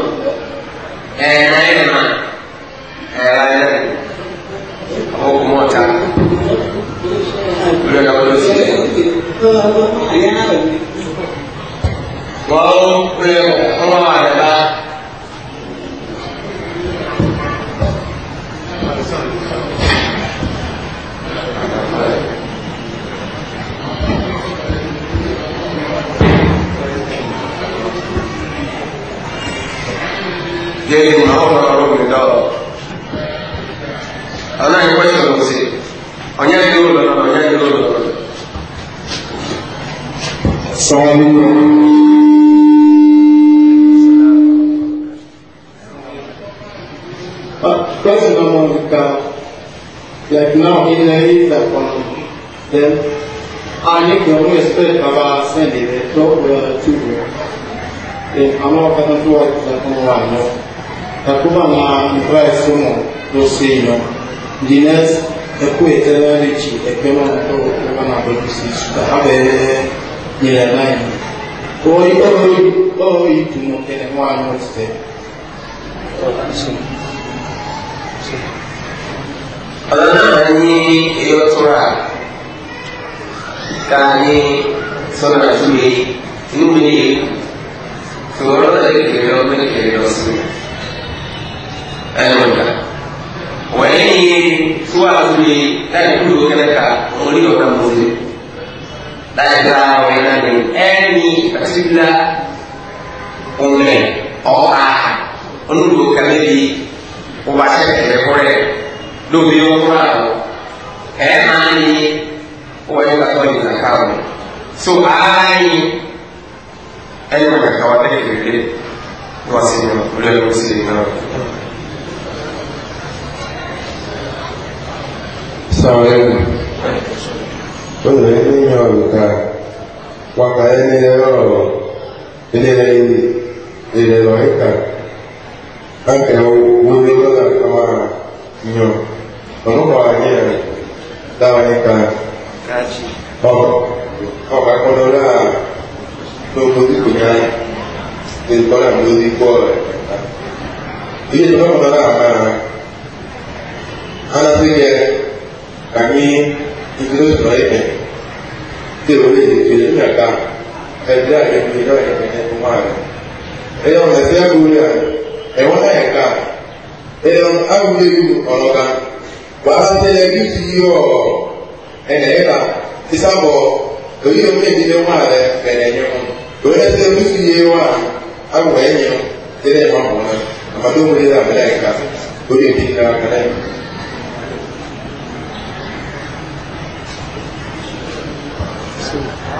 ẹ láyé nà ẹ láyé nà ọmọ kò mọ ọta olórí àwọn olóṣù yẹ wọn ó pé ọmọ àdàbà. jẹ́lé ní àwọn ọmọ ọ̀rọ̀ lọ́wọ́ ọlọ́run kọ́ ìṣòro sí ọ̀nyá ìlú lọ́nà ọ̀nyá ìlú lọ́nà. sọ́ọ́nù. person among God. Like now in the is upon them. And if you don't expect Baba Sunday, they talk with other children. Then I'm not going to do what I'm going to do takuba na mpraeso mo dosei no dines ɛkò ɛtɛlɛ n'ekyi ɛgbɛma n'ɔtɔ ɔkpɛma n'abɛto si suka abɛɛ nyina nan ɔyi ɔyi ɔyi dunu ɛnɛ mo anyi ɔtɛ ɔlọ́nà ní ẹ̀yọ́ tóra ká ní sọ́nà àti ìwé ìwé ní ìwé tó ọlọ́dọ̀ ẹ̀kẹ́rẹ́ ọmọ ẹ̀kẹ́rẹ́ ọ̀sùn ɛlɛmɛta wa ɛyɛ ye suwa asuli ɛyɛ kulu o kɛnɛ ka ɔmɔli yɔ ka mɔri n'ayɛ ta o yɛ na ni ɛyɛ ni asibila ɔmɛ ɔha ɔnulu o kɛnɛ bi o ba sɛ ɛyɛ kɔrɛ lobi o kura o ɛyɛ naani o wa yi na ka o so ayi ɛyɛ ma ka kawa ɛyɛ kele wa sinima o lɛ o sinima. ဆောင်ရဲဘုရားရှင်ရောကဝါကရနေရောဒီနေ့ဒီနေ့ရောဟိကအံကောဝိဝေဒကမာညောဘုရားရဲ့တာဝေကကာချီဟောဟောဘာကောလာသူဘုရားကိုညာဒီတော့ဘုရားကိုဒီတော့ဘာလာအာနာသိရဲ့ Kami ibi tó sọ̀rọ̀ ẹ̀jẹ̀ tí o lè ṣe yang ìyàgá ẹ̀jẹ̀ àyẹ̀kú ìjọ ìyàgá ẹ̀kú máa rẹ̀ ẹ̀yọ̀ mẹ̀sẹ̀ ẹ̀kúrú yà ẹ̀wọ̀n náà ẹ̀ka ẹ̀yọ̀ awúlé yìí ọ̀nà kan wàá sẹ́lẹ̀ bí ti yọ ẹ̀nà ẹ̀ka sísàbọ̀ èyí yóò fi ìdílé wà rẹ̀ ẹ̀nà ẹ̀yẹ̀ wọn lórí ẹsẹ̀ bí ti yé wà awùwẹ̀ ẹ̀yẹ̀ wọn tẹ́lẹ̀ wọn àwọn ọmọdé wọn lé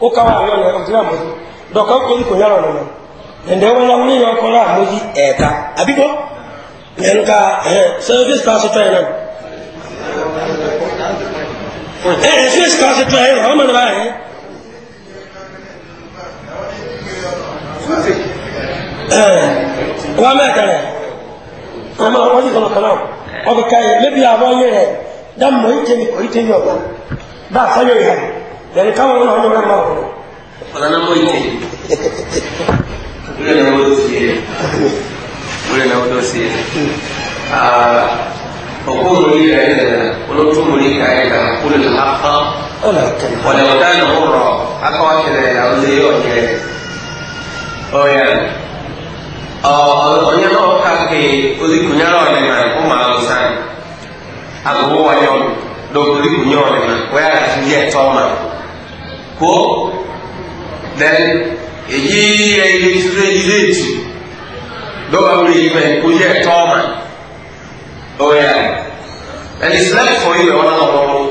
o kawo àwọn ọ̀nà ọ̀tí wà mọ́jú dọ̀kọ́ kò ní kò yára ọ̀nà ẹ̀ndẹ̀ wọn yàwó yíyan ọkọ náà mọ́jú ẹ̀ẹ̀ta àbíkọ́ ẹ̀ẹ́n ka ẹ̀ẹ́ sẹ́fíìsì kan ṣe tó ẹ̀ náà ẹ̀ẹ́ sẹ́fíìsì kan ṣe tó ẹ̀ náà ọmọ nípa ẹ̀ ẹ̀ẹ́ wọ́n mẹ́ta rẹ̀ ọmọ wọn ti kọ̀nà kọ̀nà ọkọ̀ káyẹ̀ lẹ́bi àwọn yẹn rẹ̀ dáàmú ìtẹ́ni kò ìtẹ́ni ọ̀gbọ́n bá a fọ́ yóò yàrá yẹn káwọn ọmọ ọmọ mẹ́rin máa wọ̀. ọ̀la náà mọ ìyẹn wúlò náà wọ́n ti yẹ wúlò náà wọ́n ti yẹ ọkọ mu ní ìyá yẹn lẹ́la olótú mu ní ìyá yẹn lẹ́la kúlò ní akọ ọ̀lẹ̀ ọ̀dà náà ó rọ̀ akọ akẹlẹ̀ yà ó lé ọ̀yẹ ọ̀yẹ ọ̀nyẹ́ náà ọ̀ka pé olùkùnyàrá ọ̀lẹ̀ náà ó máa lọ sáà àgbo wọ̀nyọ́ lọ́kùnrin kùnyọ́ ọ̀lẹ̀ náà wọ́n yà á ti yẹ tọ́ ọ̀ma kó then èyí ẹni ìṣúlẹ̀ ilé ìtì ló bá wúlò yìí bẹ́ẹ̀ kó yẹ ẹ̀tọ́ ọ̀mà ó yà ẹni ìṣúlẹ̀ fún ìwé ọ̀nà ọ̀rọ̀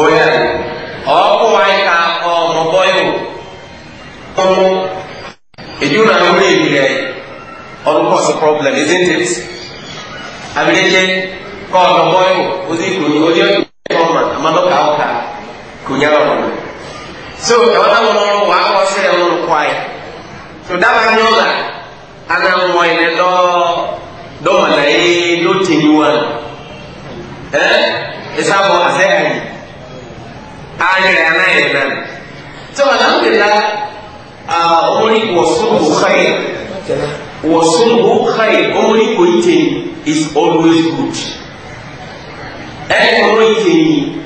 ó yà ọ̀ọ́kùn wáyé ká ọ̀mọ̀ bọ́yọ̀ ọ̀mọ̀ èyí ó nà wúlò yìí rẹ̀ ọ̀rọ̀ kọ̀ sí problem isn't it? àbílẹ̀ jẹ́ kọ́ ọ̀mọ̀ bọ́yọ̀ ó sì kùn ní ó yẹ ẹ̀tọ́ ọ̀mà àmọ́ lọ́kà ọ̀kà kò nyala so ɛwɔ na wɔn wɔn wɔn awɔ sɛ ɛwɔ no kwae so daba nyɛ ɔla ana wɔn yi ne dɔ dɔma na ye do te yi wa ɛ ɛsɛ abɔ asɛ ayi anyere ana yɛ nan so alhamdulillah aa wɔn ni wɔ so wɔ kae wɔ so wɔ kae wɔn ni wɔ yi te is always good ɛɛ wɔn yi te yi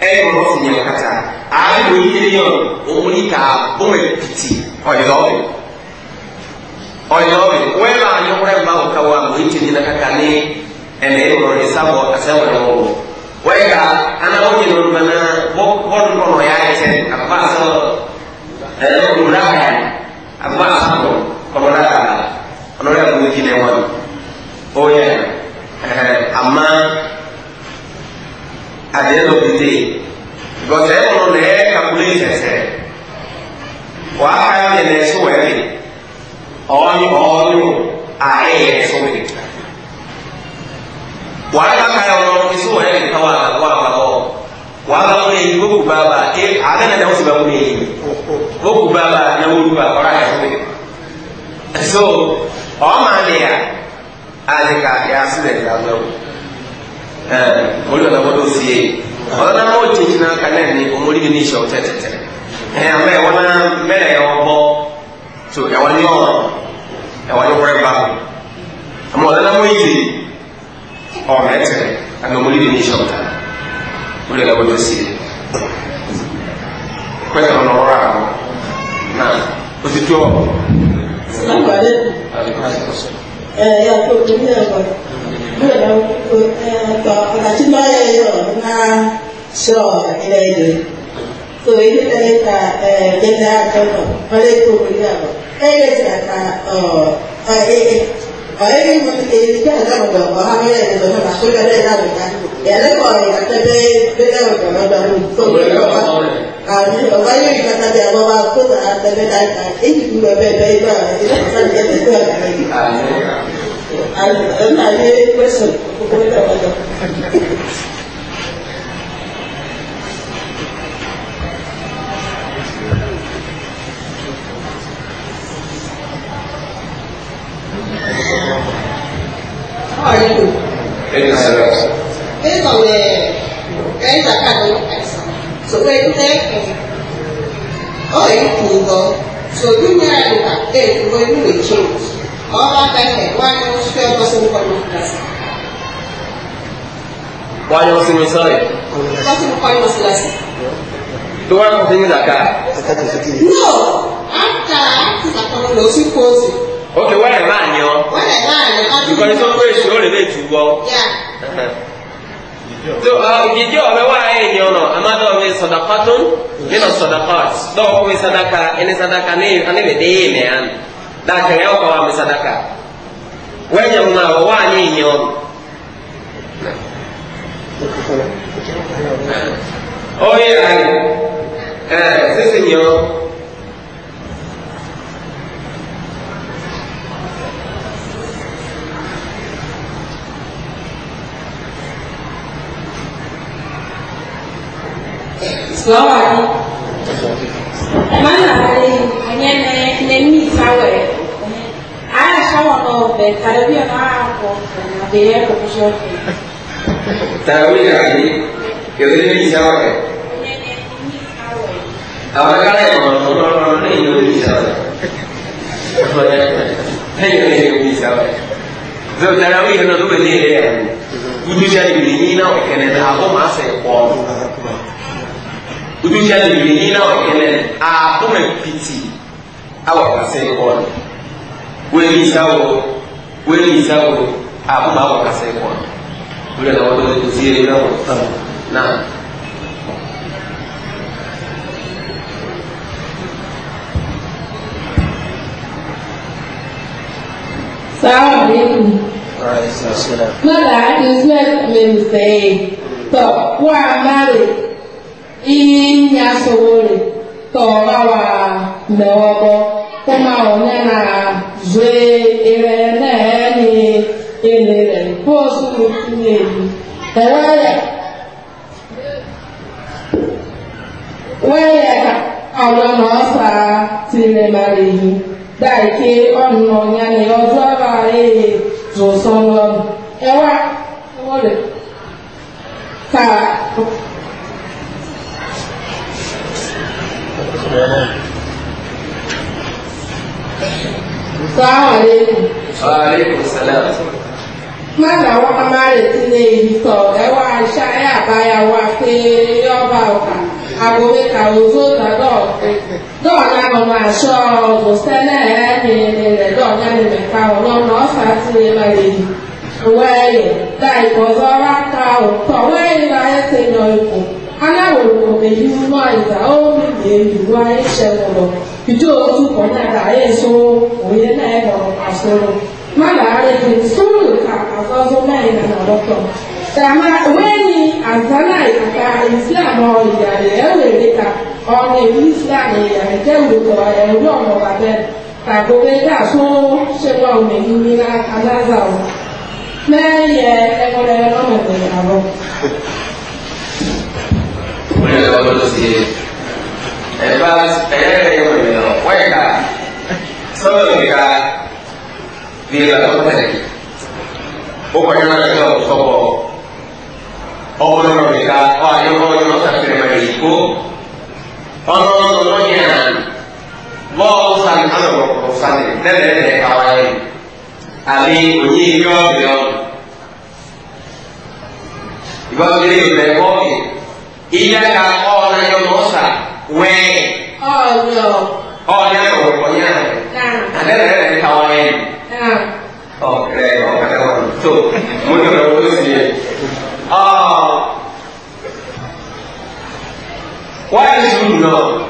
ɛyɛ wɔn fi yɛ kata ayi wo yi yɛ wɔn yi ka bɔn yɛ piti ɔyɔɔbi ɔyɔɔbi wɛla anyɔwura ma wo ka wa mo eti ni na kaka ni ɛnɛ yɛ wɔn ɛsa bɔ asɛ wɔn yɛ wɔn wɛyɛ ka ana wɔn yɛ wɔn mana bɔ bɔn kɔnɔ yɛ ayɛ kyɛ akpa asɛ ɛɛ wura ka yɛ akpa asɛ bɔ kɔnɔ la ka ɔnɔ yɛ wɔn yi na wɔn o yɛ ɛɛ ama at the end of the day. Because everyone there calculates it. Why are you next to it? All you, all you, I am so many. Why not I am so many? Come on, one of all. Wala ne yi gbogbo baba e ale na dawusu bawo ne yi gbogbo baba na wulu ba kɔra ya so ye so ɔma ne ya ale ka ya si le la lɔ ɛɛ mori wala wado siye wala na mo chechi na kana ni omori ni sha otetete eh ame wala mele yo bo so ya wala yo ya wala ko ba amo wala na mo yi o mete ana omori ni sha o mori wala wado siye kwa hiyo unaona na usitoa Salamu alaikum. Eh, ya kwa tumia kwa ọ̀nà tí bá yẹ yọ náà sọ ilẹ̀ èdè tó ilé tẹ́lẹ̀ ta ẹ̀ẹ́dẹ́gbẹ́ àtọ́nà ọlẹ́ tó orí àbọ̀ ẹ̀ẹ́dẹ́ ti àta ọ̀ẹ́dẹ́ mo ti lè ní kíá ìdáhùn ọ̀dọ̀ ọ̀há mẹ́rin ẹ̀dọ̀ náà kó lọ lẹ́yìn láàbò ká ìyàlẹ́kọ̀ọ́ ìyàtẹ́gbẹ́ gbẹ́gbẹ́ ọ̀dọ̀ lọ́dọ̀ ọ̀hún tó ọ̀gá yóò yí kata bí abọ́ bá kó tà á tẹ́gbẹ́ dáìka èyí kú bẹ́ẹ̀ bẹ́ẹ̀ bá ìlú àti Then I made a question. Hỏi cho đủ. Thế còn về cái giá cả của tài sản, số về cũng thế. Có thể phụ thuộc, số thứ hai là để với người chịu. All that time, why you want to tell us what you want wọ́n yọ sí mi sọ́rọ̀ yìí. wọ́n ti mú kọ́ yọ sí lásì. tó wá lọ́wọ́ sí mi zaka. no ata ti zaka lọ sí kóòtù. ok wẹ́rẹ̀ máa ní ọ. wẹ́rẹ̀ máa ní ọ. ìkọ́ni tó ń gbé èsì ó lè lè tù bọ́. tó ìdíjọ́ ọ̀rẹ́ wà á yẹn ní ọ̀nà amadu mi sọ̀dọ̀kọ́tún nínú sọ̀dọ̀kọ́t dọ́wọ́ mi sadaka ẹni sadaka ní ìbẹ̀dẹ́ yìí nìyẹn daka yao kwa wame sadaka wenye unao wani nyo oye ani eh sisi nyo Selamat. Mana ada yang hanya nenek nenek sawah? Tarawih lagi, kita ini bisa apa? Apa kali yang mau orang orang ini ini bisa apa? Hanya ini bisa apa? So tarawih kan tu berdiri dia. Udu jadi begini nak kena dah aku masih kuat. Udu jadi begini nak kena aku mepiti. Awak masih kuat wéyí sáwọ wéyí sáwọ àbúrò àwọn kàṣẹ kọ wúlò làwọn tó ti sí eré náà wọn náà. Salaam alaikum. Mother, I respect me say, to wa mari in ya sowore to wa wa mewobo kama onye na-zụe ere na-enye elere bọọsụ n'okpuru elu wẹ́yẹ àwọn ọmọ ọ̀sà ti rẹ̀ máa lè yí dáìké ọ̀nà ọ̀yàn ni ọjọ́ bá èyí tó sán lọ ẹwà wọlé ká. Assalamu alaikum. Wa alaikum salam. Mọ́nà wọn a máa retí ní ibi tọ̀ ẹwà iṣẹ́ ayé àbáyáwó àti yọba ọ̀kà agbóhé kàwé tó dọ̀dọ̀ dọ̀ọ̀nà ọmọ àṣọ ọ̀gbọ̀sẹ́lẹ̀ ẹni rẹ̀ dọ̀ọ̀nà ni mẹ̀ka ọlọ́run ọ̀fà tí ní ma lè yí. Òwe ẹ̀yẹ̀ dá ìbọ̀zọ́ wá ká òtọ̀ wọ́n ẹ̀yìn lọ ayé ti yan ikùn. Aláwòrán òmèyí mọ́ ìgbà ó mìíràn èyí wá iṣẹ́ lọ bitu otu kɔnya ka ayɛ so oyɛ na ayɛ dɔn asoro mana ayɛ to soro ka asɔsɔ na ayɛ na dɔtɔ tama wɛni azana na ka islam ɔyare ɛwɛde ka ɔne islam yare kɛwuro kɔ ɛwuro ɔmɔba bɛ takobe ka so sɛgbɛ ɔmɛ yimi na anaza o mɛ yɛ ɛkɔlɛ ɔmɛtɛ yabɔ. wọ́n yẹ lọ́wọ́ ló ṣe ẹ̀ bá ẹ̀ ẹ̀ yẹ wayka sababuka nilatotele ukonyonaletao sobo obononomika oyogoyonotakiremayiko ononononoñenan loosan anorosane nelele kawaye ali onyiyobion ibagireyole kobi iyaka onayonosa wee oh, no. 哦，你那个我一样，那那那你讨厌，哦，来，我看看我做，我做了我是，啊，我也是唔咯，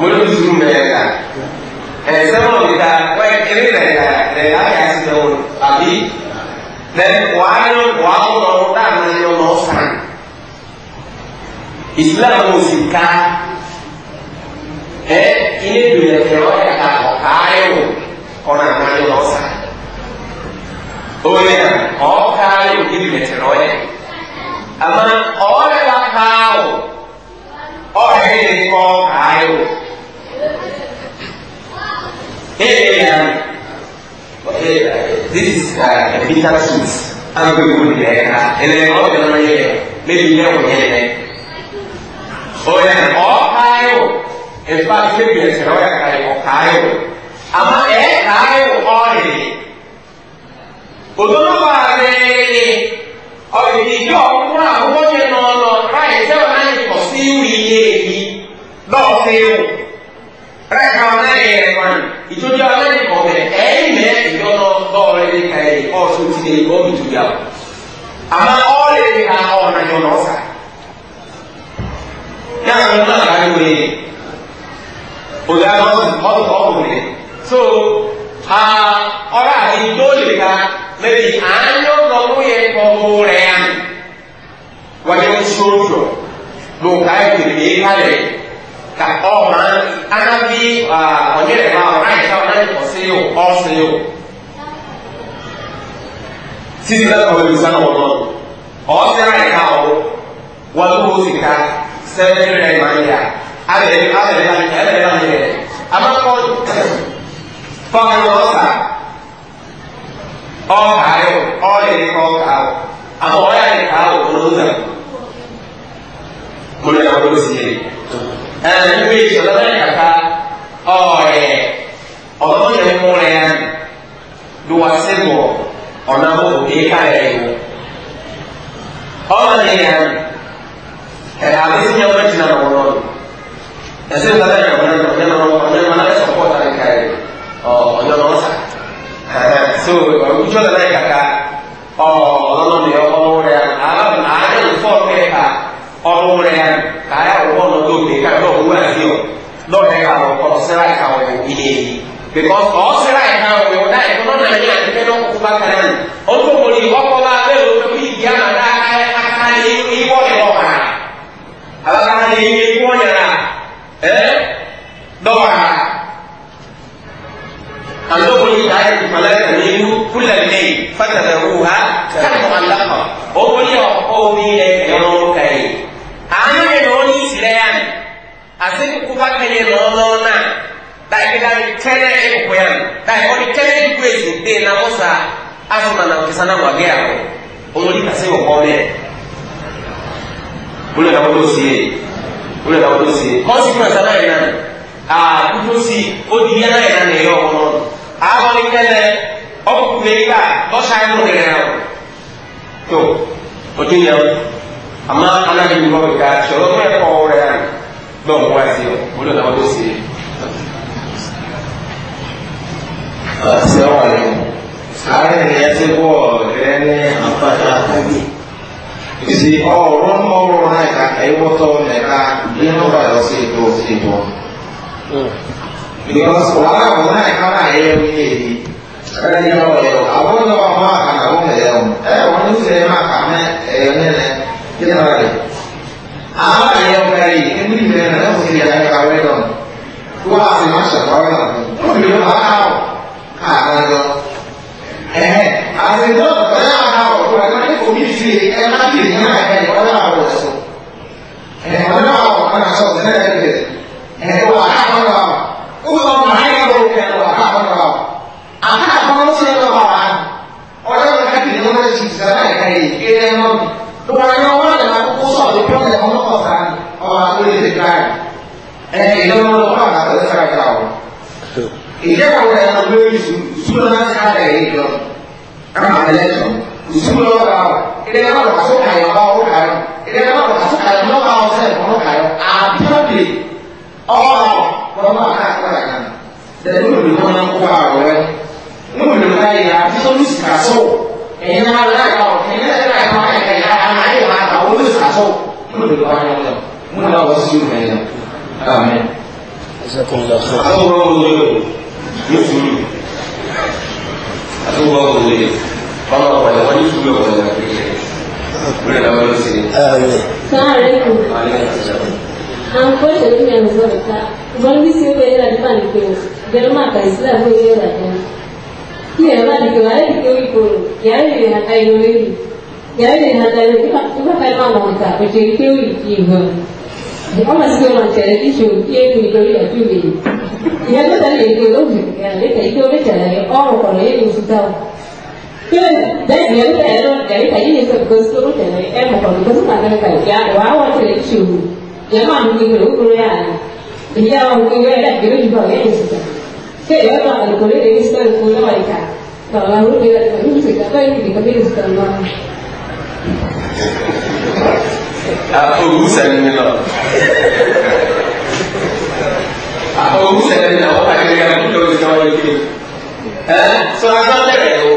我都是唔来啦，诶，什么味道？喂，这里来啦，来哪家是做阿弟？来，我用我用老大，我用老三，伊斯兰我是干。ẹ ilé ìdòyè fẹrẹ ọyà ká ọkà ayéwò ọ̀nà àmàlẹ́ lọ́sà òye ọkà ayéwò ìdòyè fẹrẹ ọyà àmà ọyà ká káwò ọyà ìdòyè kọ́ ọkà ayéwò ee na okay this is a bitter sweet and we will be like that and then all the money maybe never get it. Oh yeah, all high. El padre que se roya cae o cae. Ama e cae o ore. Odono ba re o ni yo ko na wo je no no rai se wa na ko si wi ye ni. Lo se o. Re ka na e ko. Ijo je ala ni ko be. E me yo no do re ni kai o so ti ni go mi tu ya. Ama ore ni na o na yo no sa. Ya ko na ka ni we òdà lọ́sùn mọ́tò ọ̀pọ̀ rẹ̀ so ọ̀rọ̀ àti dóòlì ká lẹ́yìn àányọ́ lọ́mú yẹ kọ́kọ́ rẹ̀ yá wọ́n yẹ sọ́jọ́ ló ká ìpèrè yé kálẹ̀ ka ọ̀ma anábí ọ̀nyẹ́rẹ̀ bá ọ̀rọ̀ àyíká ọ̀rọ̀ ẹ̀kọ́ sí yóò ọ̀ sí yóò títí lẹ́kọ̀ọ́ lè sá wọ̀ náà ọ̀ sí àyíká ọ̀ wọ́n abẹrẹ abẹrẹ la abẹrẹ la yẹ abakọ fọwọlọsa ọkaayọ ọyẹri kọkaawọ àbọ ọyẹri kaawọ olóńgbà mọlẹ ọdún sí yẹ ẹnna níbi ìṣẹ lọdọ yẹ kaka ọyẹ ọdún yẹ mú rẹ yẹn do wa sí wọ ọ̀nà bọ̀ bí ká yẹ wọ ọmọ yẹn ẹ̀ka àbẹ̀sí yẹn wọ́n ti nà wọ́n lọ́dún ẹsẹ nígbà tẹ́lẹ̀ ọ̀nà ọ̀nà ọ̀nà ọ̀nà ẹ̀ sọ̀pọ̀tà ní káyé ọ̀nà ọ̀nà ọ̀sà so ọ̀gbìjọ́ lẹ́la yìí kàkà ọ̀nà ni ọmọ rẹ̀ alábùn ààrẹ ìfọ̀ kẹ́ ka ọmọ rẹ̀ káyà ọ̀pọ̀ ọ̀nà tó gbé ká lọ́ọ̀ wúwa sí ọ lọ́ọ̀rẹ́ ka ọ̀kọ̀ sẹ́ra ìka ọ̀yọ̀ ìdílé yìí because ọ̀sẹ̀ra ìka ọ̀yọ̀ ọ̀dà ìkọ̀nà nàìjíríà ti fẹ́ lọ́kùnkú bá kanáà ní ọdún kò ní ọkọ̀ bá bẹ́ẹ̀ lọ́ọ́ fẹ́ bí ìdí àmàlà akáyé ìwọ́n ìwọ́n àrà àbákanáà ní ìwọ́n yàrá eh ضوعا أنظرني آية فلا تميلوا كل الليل فتذروها كالمعلقة أولي أولي يوم كريم أنا يوني سليان أسيب كفاك يلونونا da ikida ni tele iko yan da iko na na o lè ka wolo si ye consequence ala yɛrɛ nani aa kutu si o di ala yɛrɛ nani yɔ kɔnɔ a kɔni kɛlɛ ɔkò kule yi ka ɔsa yɛ mo kɛlɛ yɛ to o ti yɛ a ma ala yɛrɛ ni mɔgɔ ka sɔrɔ mo yɛ kɔ wɛrɛ yɛ dɔn o wa si yɛ o lè ka wolo si ye. Assalamualaikum. Sekarang ni saya buat, ni apa tak lagi? isi ọrụ mmọrụ na-eka ka ịwụta na-eka ihe ọbara si eto si eto because wàhálà wọn náà ká náà yẹ wọn yé yi ẹni yẹ wọn yẹ wọn àwọn yẹ wọn máa kà náà wọn yẹ wọn ẹ wọn ní sẹ máa kà mẹ ẹ yẹ nẹ yẹ nà rẹ àwọn yẹ wọn yẹ yi ẹni yẹ nà ẹ fún yẹ ẹ kà wẹ dọ wọn a sì máa ṣe kọ wẹ dọ wọn bí wọn bá kà wọn kà náà dọ àti náà bẹ́ẹ̀ ara ọ̀rọ̀ ẹ̀ka ní omi fi ẹ̀ka kì í náà ẹ̀ka ìwọ́n náà wọ̀ ẹ̀sọ́ ẹ̀wọ́n náà wọ̀ ọ̀kan àti ọ̀sẹ̀ náà ẹ̀ka ẹ̀ka wà á kọ́ náà ó sọ ma á yẹ wọ ẹ̀ka wà á kọ́ náà àti àkọ́nà ó sì ń lọ bàbá ọjọ́ ìwé ká kì í náà ṣì sẹ́ náà ẹ̀ka yìí kéde ẹ̀ náà lọ́wọ́ ẹ̀yọ́ wọn lè máa ìsúlọ náà ká rẹ̀ yìí lọ ẹ̀rọ àmẹ́lẹ́tọ̀ ìsúlọ ọ̀gá ọ̀ ìdẹ́gbẹ́ bá lọ́ka sókà yọ̀ bá ọ̀gá yọ̀ ìdẹ́gbẹ́ bá lọ́ka sókà yọ̀ lọ́ka ọ̀sẹ̀ ọ̀gá yọ̀ àbíọ́dè ọ̀rọ̀ lọ́mọ àkàkọ́ra kan dẹ̀dẹ̀ ní òbí wọn kó bá ọ̀rọ̀ rẹ̀ ní òbí wọn yẹ àbíọ́ ní sìkàsó ẹ̀yin náà láyà ọ̀ ẹ̀yin náà láyà ọ̀ ẹ̀ka yà àná yẹ máa kà ó ní sìkàsó ní òbí wọn yẹ wọn mú ní ọ̀rọ̀ sí ìwé yẹn. Amen. Ẹsẹ̀ kan lọ sọ. Àwọn ọmọ wọn lọ yóò fún mi àtúbọ̀ òwe ọmọ ọ̀pọ̀lọpọ̀ wọ́n ní túbọ̀ ọ̀pọ̀lọpọ̀ kékeré wọ́n lè lọ́wọ́ sí i. an kwai da duniya na zuwa ta wani bisi yau bai yana da ba ni kewa garma ka isla ko yau da ta iya ba ni kewa ya yi kewa ko ya yi na kai yau ya yi na kai yau ka kai ma na wata ba ke kewa ki yi ọmọ sí pé wọn tẹ̀lé tí sùn kí ẹnu nítorí ẹ̀dùn mi ìyẹn tó tẹ̀lé èdè olóògùn ẹ̀ríkà ìdí omi tẹ̀lé ọrùn kọ̀ọ̀rọ̀ yẹn ní ìsúta o pé bẹ́ẹ̀ ni ẹ̀rú tẹ̀lé lọ ẹ̀ríkà yìí ní sọ kò sí omi tẹ̀lé ẹ̀mọ kọ̀ọ̀rọ̀ kò sí pàtàkì kàlùkì àdùn àwọn tẹ̀lé tí sùn yẹn máa mú kékeré ókúrú yà á ìyá wọn kékeré ẹ̀dá kékeré jù bọ̀ yẹn ní ìsúta pé ìyẹn máa mú kékeré ẹ̀rí sọ̀rọ̀ fún lọ́wọ́ ìka kọ̀ọ̀rọ̀ àwọn olùkọ́ ogun sẹni ni lọ ogun sẹni ni àwọn àgbẹ̀rẹ̀ àwọn ìjọba ìjọba ìjọba ìjọba ẹ sọlá sọlá lẹrẹ o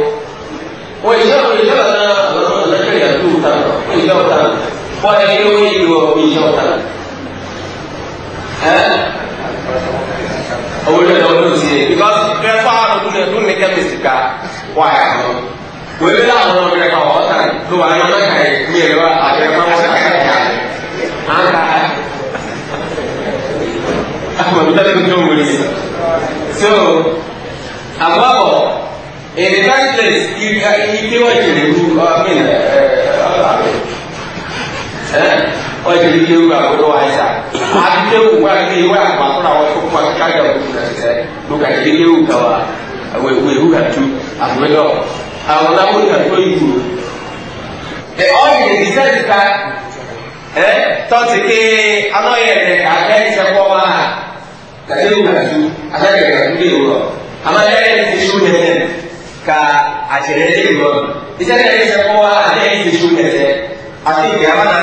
wọn ìjọba ìjọba sọlá lọsọlá lẹrẹ yàtú tán ìjọba tán wọn ẹni ló ń yí wọ ìjọba tán ẹ owó lẹnu ọdún sí i because kẹfà ọdún lẹnu ní kẹmísì ká wáyà lọ wẹẹrẹ àwọn ọmọ rẹ kọ ọ tán ló wà ní ọmọ kàyé mi ẹ lọ àti ẹ máa wọ kàyé. akpọ̀lù tẹ́lẹ̀ bí wọ́n wọlé yẹn. so àgbàbọ̀ in the right place ike ọ̀jẹ̀lẹ̀ ru ọ̀mìn ọ̀jẹ̀lẹ̀ ike ru àgbọ̀dọ̀ wa ẹ̀sà àdìdé wù wá ní ìwé àgbà kúrò àwọn tó kú àti káyọ̀ òkú rẹ̀ sẹ́ lóka ìdílé wù kàwá àwọn ìwé wù àtú àgbẹ̀dọ̀ àwọn náà wọ́n kàtó ìwù. ọ̀jẹ̀lẹ̀ ìṣẹ́ eh, ti ta tọ́sí pé alọ́yẹ̀ rẹ̀ kà á fẹ́ ìṣẹ́kọ̀ọ́ máa ka kɛ wulaju a ka kɛ ka kule wɔrɔ a ma yɛrɛ yɛrɛ ti su nɛnɛ ka a cɛrɛ te wɔrɔ i tɛ yɛrɛ sɛ kɔ wa ale yɛrɛ ti su nɛnɛ a ti kɛ a ma na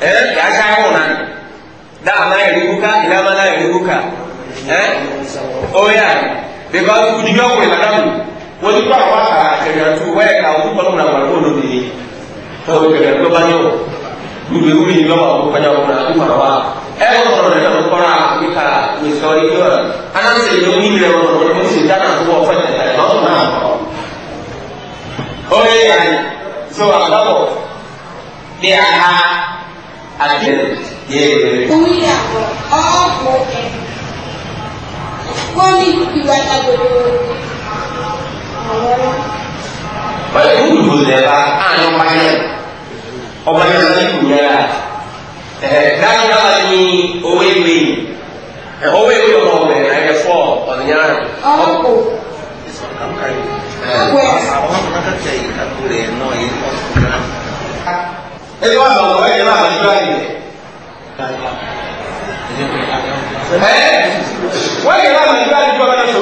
ɛɛ k'a ka yɔrɔ na da a ma yɛrɛ kuka ila ma na yɛrɛ kuka ɛɛ o ya because kujuguya ko la damu wọ́n ti kọ́ àwọn àkàrà àkàrà tó wẹ́ẹ̀ ká wọ́n kọ́ lọ́wọ́ làwọn àgbọ̀n lóde yìí. Tọ́wọ́ kẹ̀kẹ́ tó bá yọ̀ dube wuli lɔba o kɔɲa o na i fara wa ɛ o kɔrɔ de kan o kɔrɔ a bɛ ka o sɔrɔ i yɔrɔ an n'an sigi ni minɛ o kɔrɔ o sigi da kan tɔgɔ fɔ ɲɛta ye n'o na o ye yan ye so a ba bɔ ne y'a ha a gɛrɛ ye. o yi la ɔ k'o kɛ ko ni ìwà ta gbogbo awɔ. wọ́n yẹ kó dùdú lẹ́la àánú wáyé ọmọ yẹn sọ ikú yẹn a ẹ dáhùn náà ni owó ìwé yìí ẹ owó ìwé ọmọ ọmọ yẹn ayẹ fọ ọdún yẹn rẹ. ọkọ ẹni wà sọ ọmọ ẹni wà sọ ìjọ ayé ẹ wọ́n yẹ wà sọ ìjọ ayé ìjọba náà sọ̀rọ̀ àwọn yẹn wọ́n yà wọ́n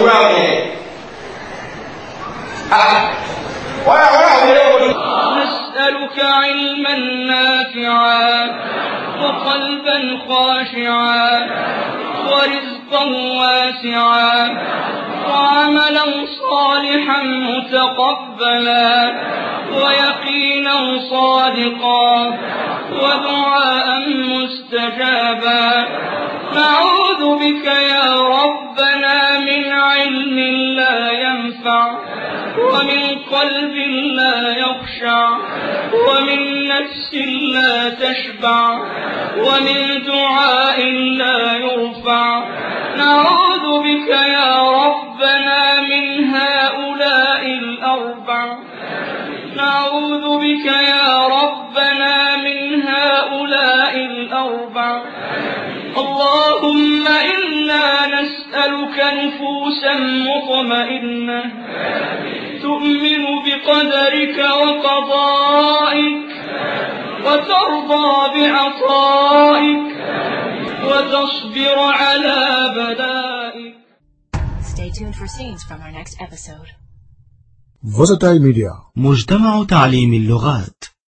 yà wọ́n yẹ wọ́n. أسألك علما نافعا وقلبا خاشعا ورزقا واسعا وعملا صالحا متقبلا ويقينا صادقا ودعاء مستجابا نعوذ بك يا ربنا من علم لا ينفع ومن قلب لا يخشع ومن نفس لا تشبع ومن دعاء لا يرفع نعوذ بك يا ربنا من هؤلاء الأربع نعوذ بك يا ربنا من هؤلاء الأربع اللهم إن نسألك نفوسا مطمئنة تؤمن بقدرك وقضائك وترضى بعطائك وتصبر على بلائك Stay tuned for scenes from our next episode. فوزتاي ميديا مجتمع تعليم اللغات